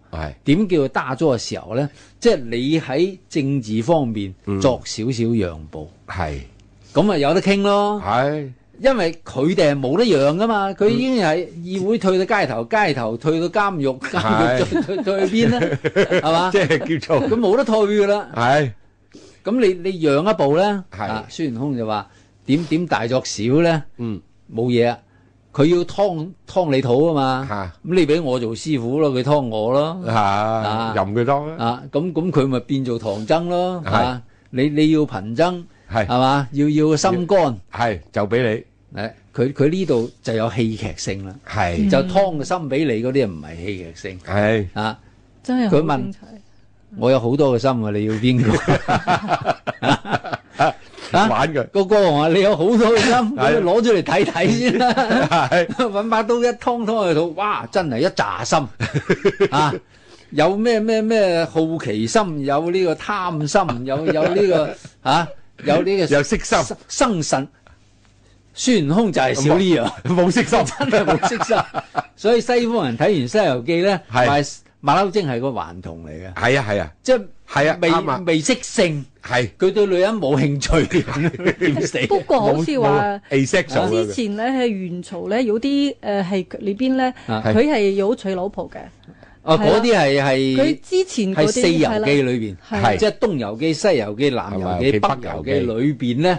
點叫佢打咗個時候咧？即係、就是、你喺政治方面、嗯、作少少讓步，係咁啊，就有得傾咯，係。因為佢哋係冇得讓噶嘛，佢已經係議會退到街頭，街頭退到監獄，監獄監獄退去邊咧？係 <laughs> 嘛是吧？即係叫做？佢冇得退噶啦。係。咁你你讓一步咧？係、啊。孫悟空就話：點點大作小咧？嗯，冇嘢。佢要劏劏你肚啊嘛。咁你俾我做師傅咯，佢劏我咯。嚇。任佢劏啊。咁咁佢咪變做唐僧咯？你你要貧僧，係係嘛？要要心肝係就俾你。誒，佢佢呢度就有戲劇性啦，係就劏個心俾你嗰啲，唔係戲劇性，係啊，真係佢問、嗯，我有好多個心啊，你要邊個 <laughs> <laughs> 啊？啊，玩佢哥哥王話你有好多嘅心，攞 <laughs> 出嚟睇睇先啦，啊，搵 <laughs> 是的 <laughs> 把刀一劏一劏去肚，哇，真係一紮心啊！有咩咩咩好奇心，有呢個貪心，有有，這，呢個吓、啊，有呢，這個有色心，生神。孫悟空就係少呢樣，冇識心，真係冇識心。所以西方人睇完《西遊記》咧，係馬騮精係個頑童嚟嘅，係啊係啊，即係係啊，未未識性，係佢對女人冇興趣，點死？不過好似話，我之前咧係元朝咧有啲誒係裏邊咧，佢係有娶老婆嘅。哦，嗰啲係係佢之前係《四遊記》裏邊，係即係《東遊記》《西遊記》《南遊記》《北遊記》裏邊咧。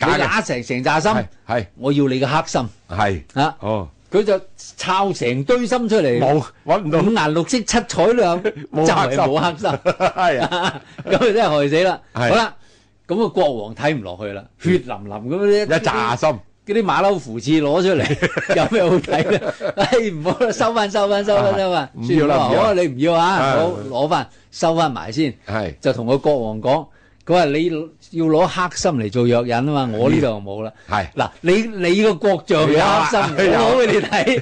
打成成炸心，係我要你個黑心，係啊，哦，佢就抄成堆心出嚟，冇搵唔到五顏六色七彩亮，冇黑心，係啊，咁佢真係害死啦。好啦，咁個國王睇唔落去啦，血淋淋咁樣，一炸心，嗰啲馬騮扶刺攞出嚟，有咩好睇咧？唉，唔好啦，收翻收翻收翻收嘛，唔要啦，可能你唔要啊，好攞翻收翻埋先，係就同個國王講，佢話你。要攞黑心嚟做藥引啊嘛！我呢度冇啦。係嗱，你你個國像，黑心好，攞俾你睇。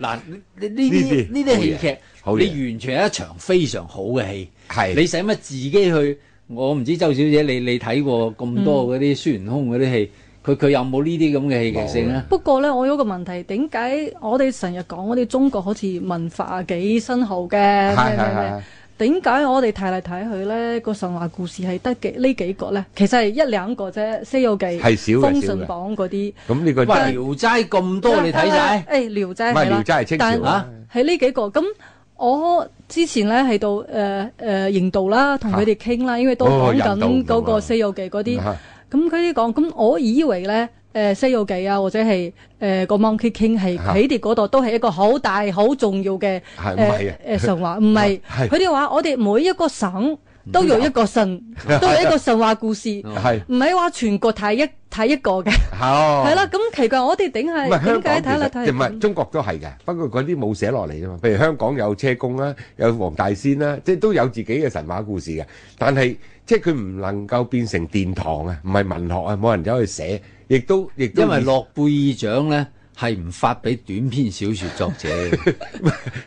嗱，呢啲呢啲戲劇，你完全係一場非常好嘅戲。係你使乜自己去？我唔知周小姐你你睇過咁多嗰啲孫悟空嗰啲戲，佢、嗯、佢有冇呢啲咁嘅戲劇性咧？不過咧，我有個問題，點解我哋成日講我哋中國好似文化幾深厚嘅？係係係。點解我哋睇嚟睇去咧個神話故事係得幾呢幾個咧？其實係一兩個啫，《西遊記》、《封神榜》嗰啲。咁呢個《聊齋》咁、啊、多你睇晒？誒、啊，啊《聊、哎、齋》係聊齋》係清朝。吓，係、啊、呢幾個。咁我之前咧係到誒誒，營、呃、道、呃、啦，同佢哋傾啦，因為都講緊嗰個《西遊記》嗰啲。咁佢哋講，咁我以為咧。誒西遊記啊，或者係誒、呃那個 monkey king 係，佢哋嗰度都係一個好大好重要嘅、呃啊呃、神話。唔係佢哋話我哋每一個省都有一個神，啊、都有一個神話故事，唔係話全國睇一睇一個嘅，係、哦、啦。咁、啊、奇怪我哋頂係點解睇嚟睇去唔係中國都係嘅，不過嗰啲冇寫落嚟啫嘛。譬如香港有車公啦、啊，有黃大仙啦、啊，即係都有自己嘅神話故事嘅，但係。即係佢唔能夠變成殿堂啊，唔係文學啊，冇人走去寫，亦都亦都。因為諾貝爾獎咧係唔發俾短篇小説作者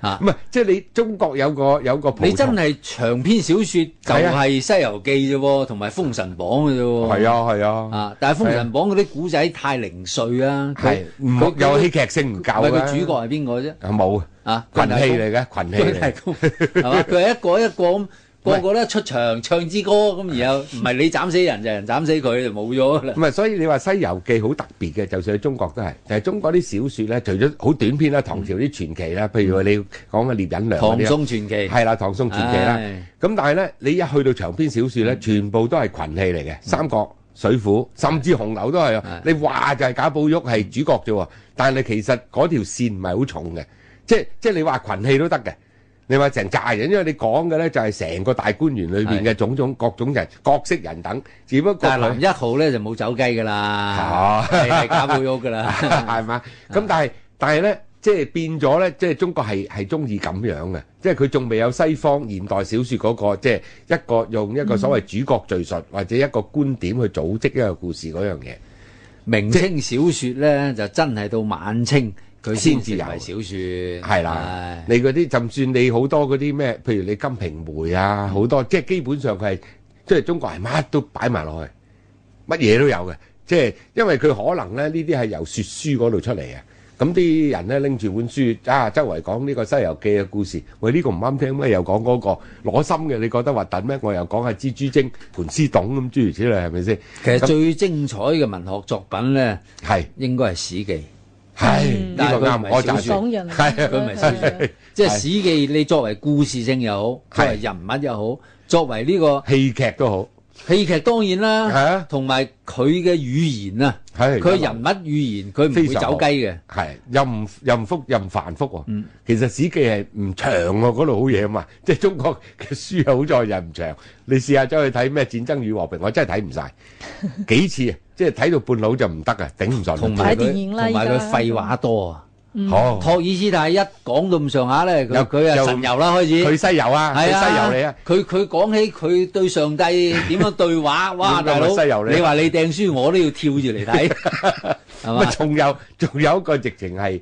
啊，唔係即係你中國有個有個，你真係長篇小説就係《西遊記》啫喎，同埋《封神榜》嘅啫喎。係啊，係啊。啊，但係《封神榜》嗰啲古仔太零碎啊，係唔有戲劇性唔夠嘅。佢主角係邊個啫？冇啊，啊群戲嚟嘅群戲嚟，係嘛？佢一個一個咁。我覺得出場唱支歌咁，然後唔係你斬死人就人斬死佢就冇咗啦。唔係，所以你話《西遊記》好特別嘅，就算喺中國都係。誒，中國啲小説咧，除咗好短篇啦，唐朝啲傳奇啦，譬如你講嘅《聶隱娘》、唐宋傳奇，係啦，唐宋傳奇啦。咁但係咧，你一去到長篇小説咧，全部都係羣戲嚟嘅，《三國》、《水滸》，甚至《紅樓》都係啊。你話就係賈寶玉係主角啫喎，但係你其實嗰條線唔係好重嘅，即係即係你話羣戲都得嘅。你話成扎人，因為你講嘅咧就係成個大觀園裏邊嘅種種各種人，各色人等，只不過林一號咧就冇走雞㗎啦，係冇喐㗎啦，係嘛？咁但係但係咧，即係變咗咧，即係中國係係中意咁樣嘅，即係佢仲未有西方現代小説嗰個，即係一個用一個所謂主角敘述或者一個觀點去組織一個故事嗰樣嘢。明清小説咧就真係到晚清。佢先至係小説，係啦。你嗰啲，就算你好多嗰啲咩，譬如你《金瓶梅》啊，好、嗯、多，即係基本上佢係，即係中國係乜都擺埋落去，乜嘢都有嘅。即係因為佢可能咧，呢啲係由說書嗰度出嚟嘅。咁啲人咧拎住本書啊，周圍講呢個《西遊記》嘅故事。喂，呢、這個唔啱聽，咩？又講嗰、那個攞心嘅，你覺得核突咩？我又講下蜘蛛精、盤絲洞咁諸如此類，係咪先？其實最精彩嘅文學作品咧，係應該係史記。係呢個啱，我就講人，係佢唔係小說？即、嗯、係、啊啊啊啊啊啊就是、史記，你作為故事性又好、啊，作為人物又好，作為呢、這個戲劇都好，戲劇當然啦，係啊，同埋佢嘅語言是啊，係佢人物語言，佢唔、啊、會走雞嘅，係、啊、任任複任繁複、啊。嗯，其實史記係唔長啊，嗰度好嘢嘛，即係中國嘅書好在就唔長。你試下走去睇咩戰爭與和平，我真係睇唔晒幾次、啊。 <laughs> 即係睇到半路就唔得噶，頂唔順。同睇電影啦，同埋佢廢話多啊。好，托爾斯泰一講到咁上下咧，佢又神遊啦，開始佢西遊啊，係西遊嚟啊。佢佢講起佢對上帝點樣對話，哇大佬西遊你。你話你掟書，我都要跳住嚟睇。咪仲有，仲有一個直情係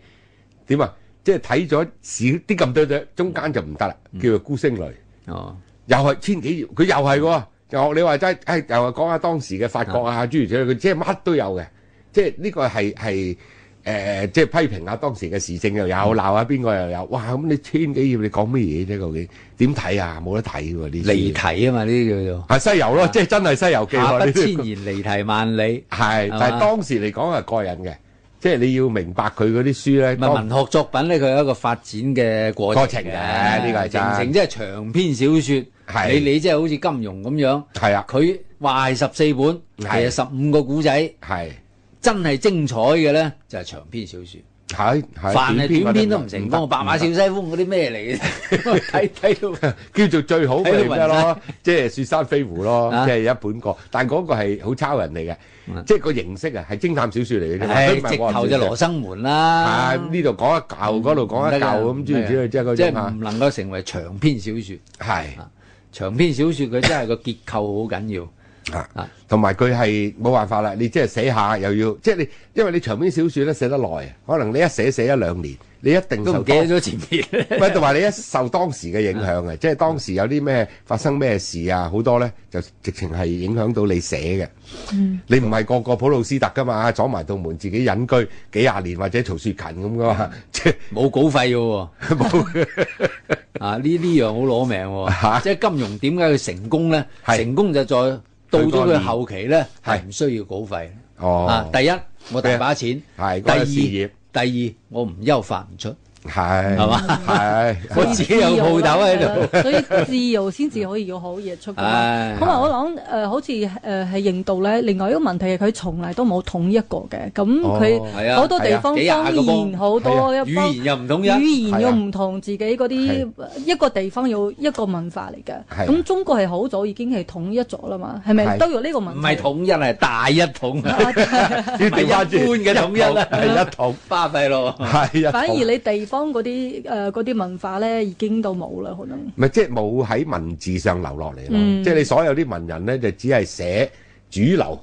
點啊？即係睇咗少啲咁多咗，中間就唔得啦，叫做孤星淚。哦，又係千幾頁，佢又係喎。又你話齋，誒又講下當時嘅法國啊，諸如此類，佢即係乜都有嘅，即係呢個係係誒，即係批評下當時嘅時政又有，鬧下邊個又有，哇！咁你千幾頁你講乜嘢啫？究竟點睇啊？冇得睇喎呢啲離題啊嘛！呢個就係西遊咯，啊、即係真係西遊記，千言離題萬里係 <laughs> 但係當時嚟講係過癮嘅，即係你要明白佢嗰啲書咧。文學作品咧，佢有一個發展嘅過程嘅、啊，呢、啊呢個係真。即係長篇小說係你你即係好似金庸咁樣，係啊，佢話十四本，係十五個古仔，係真係精彩嘅咧，就係長篇小説。係係，短篇都唔成功，《白馬嘯西風》嗰啲咩嚟嘅？睇睇到叫做最好嘅咩咯？即係雪山飛狐咯，即、啊、係、就是、一本過，但嗰個係好抄人嚟嘅、嗯，即係個形式啊，係偵探小説嚟嘅。係、哎、直頭就《羅生門》啦、啊。呢度講一舊，嗰度講一舊咁，知唔知？即係嗰種即係唔能夠成為長篇小説。係長篇小說佢真係個結構好緊要啊啊，同埋佢係冇辦法啦，你即係寫下又要即係你，因為你長篇小說咧寫得耐啊，可能你一寫寫一兩年。你一定都唔記得咗前邊，唔係就話你一受當時嘅影響嘅，即係當時有啲咩發生咩事啊，好多咧就直情係影響到你寫嘅。你唔係個個普魯斯特㗎嘛，鎖埋道門自己隱居幾廿年或者曹雪芹咁㗎嘛，即係冇稿費喎，冇啊呢呢樣好攞命喎，即係金融點解佢成功咧？成功就再到咗佢後期咧，係唔需要稿費。哦，第一我大把錢，係第二。第二，我唔憂發唔出。係，係嘛？係，我自己有鋪頭喺度，所以自由先至可以有好嘢出是是我想是、呃。好嘛，我諗誒，好似誒喺印度咧，另外一個問題係佢從來都冇統一過嘅，咁佢好多地方方言好多、啊啊啊多啊、一，語言又唔統一，語言又唔同，自己嗰啲、啊啊、一個地方有一個文化嚟嘅。咁、啊、中國係好早已經係統一咗啦嘛，係咪、啊、都有呢個文化？唔係統一係大一統，要 <laughs> <laughs> 一貫嘅統一一統，巴閉咯。係一 <laughs> 反而你地方。當嗰啲誒嗰啲文化咧，已經都冇啦，可能唔係即係冇喺文字上留落嚟咯。即係你所有啲文人咧，就只係寫主流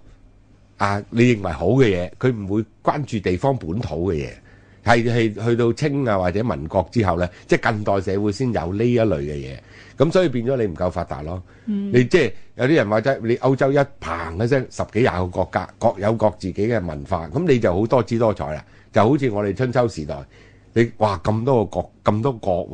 啊，你認為好嘅嘢，佢唔會關注地方本土嘅嘢。係係去到清啊或者民國之後咧，即係近代社會先有呢一類嘅嘢。咁所以變咗你唔夠發達咯。你即係有啲人話齋，你歐洲一砰一聲，十幾廿個國家各有各自己嘅文化，咁你就好多姿多彩啦。就好似我哋春秋時代。你哇，咁多個國，咁多國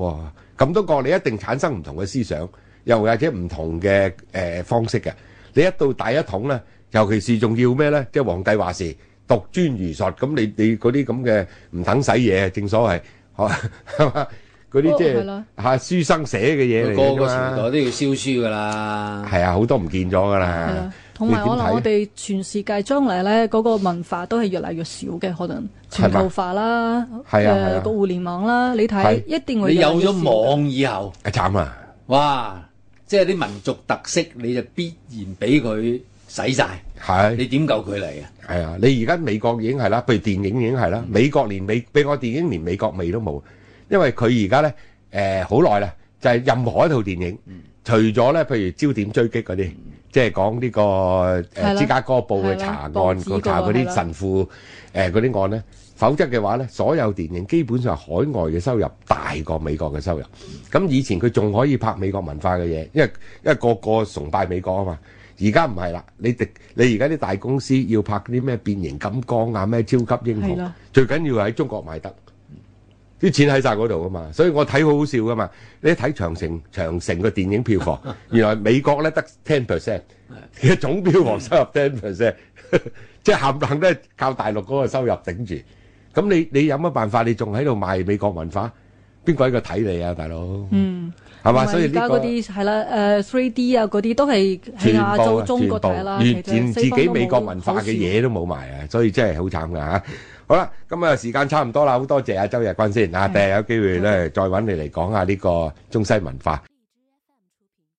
喎，咁多國你一定產生唔同嘅思想，又或者唔同嘅誒方式嘅。你一到大一統咧，尤其是仲要咩咧？即係皇帝話事，獨尊儒術。咁你你嗰啲咁嘅唔等使嘢，正所謂嚇嘛，嗰啲即係嚇書生寫嘅嘢嚟㗎嘛。個個時代都要燒書㗎啦。係啊，好多唔見咗㗎啦。同埋可能我哋全世界將嚟咧嗰個文化都係越嚟越少嘅，可能全球化啦，誒個、呃啊啊、互聯網啦，你睇、啊、一定會越越。你有咗網以後、啊，慘啊！哇，即係啲民族特色，你就必然俾佢洗晒。係你點救佢嚟啊？係啊！你而家、啊啊、美國已經係啦，譬如電影已經係啦，美國連美美國電影連美國味都冇，因為佢而家咧誒好耐啦，就係、是、任何一套電影，除咗咧譬如《焦點追擊》嗰、嗯、啲。即係講呢個誒芝加哥報嘅查案，查嗰啲神父誒嗰啲案咧，否則嘅話咧，所有電影基本上海外嘅收入大過美國嘅收入。咁以前佢仲可以拍美國文化嘅嘢，因為因為個個崇拜美國啊嘛。而家唔係啦，你迪，你而家啲大公司要拍啲咩變形金剛啊，咩超級英雄，最緊要喺中國賣得。啲錢喺晒嗰度啊嘛，所以我睇好好笑噶嘛。你一睇《長城》，長城個電影票房 <laughs> 原來美國咧得 ten percent 嘅總票房收入 ten percent，即係冚唪唥都係靠大陸嗰個收入頂住。咁你你有乜辦法？你仲喺度賣美國文化？邊個喺度睇你啊，大佬？嗯，係嘛？所以而家嗰啲係啦，誒 three D 啊嗰啲都係喺亞洲中國度，啦，連自己美國文化嘅嘢都冇賣啊，所以真係好慘㗎吓。好啦，咁啊，時間差唔多啦，好多謝啊，周日君先，啊，第日有機會咧，再揾你嚟講下呢個中西文化。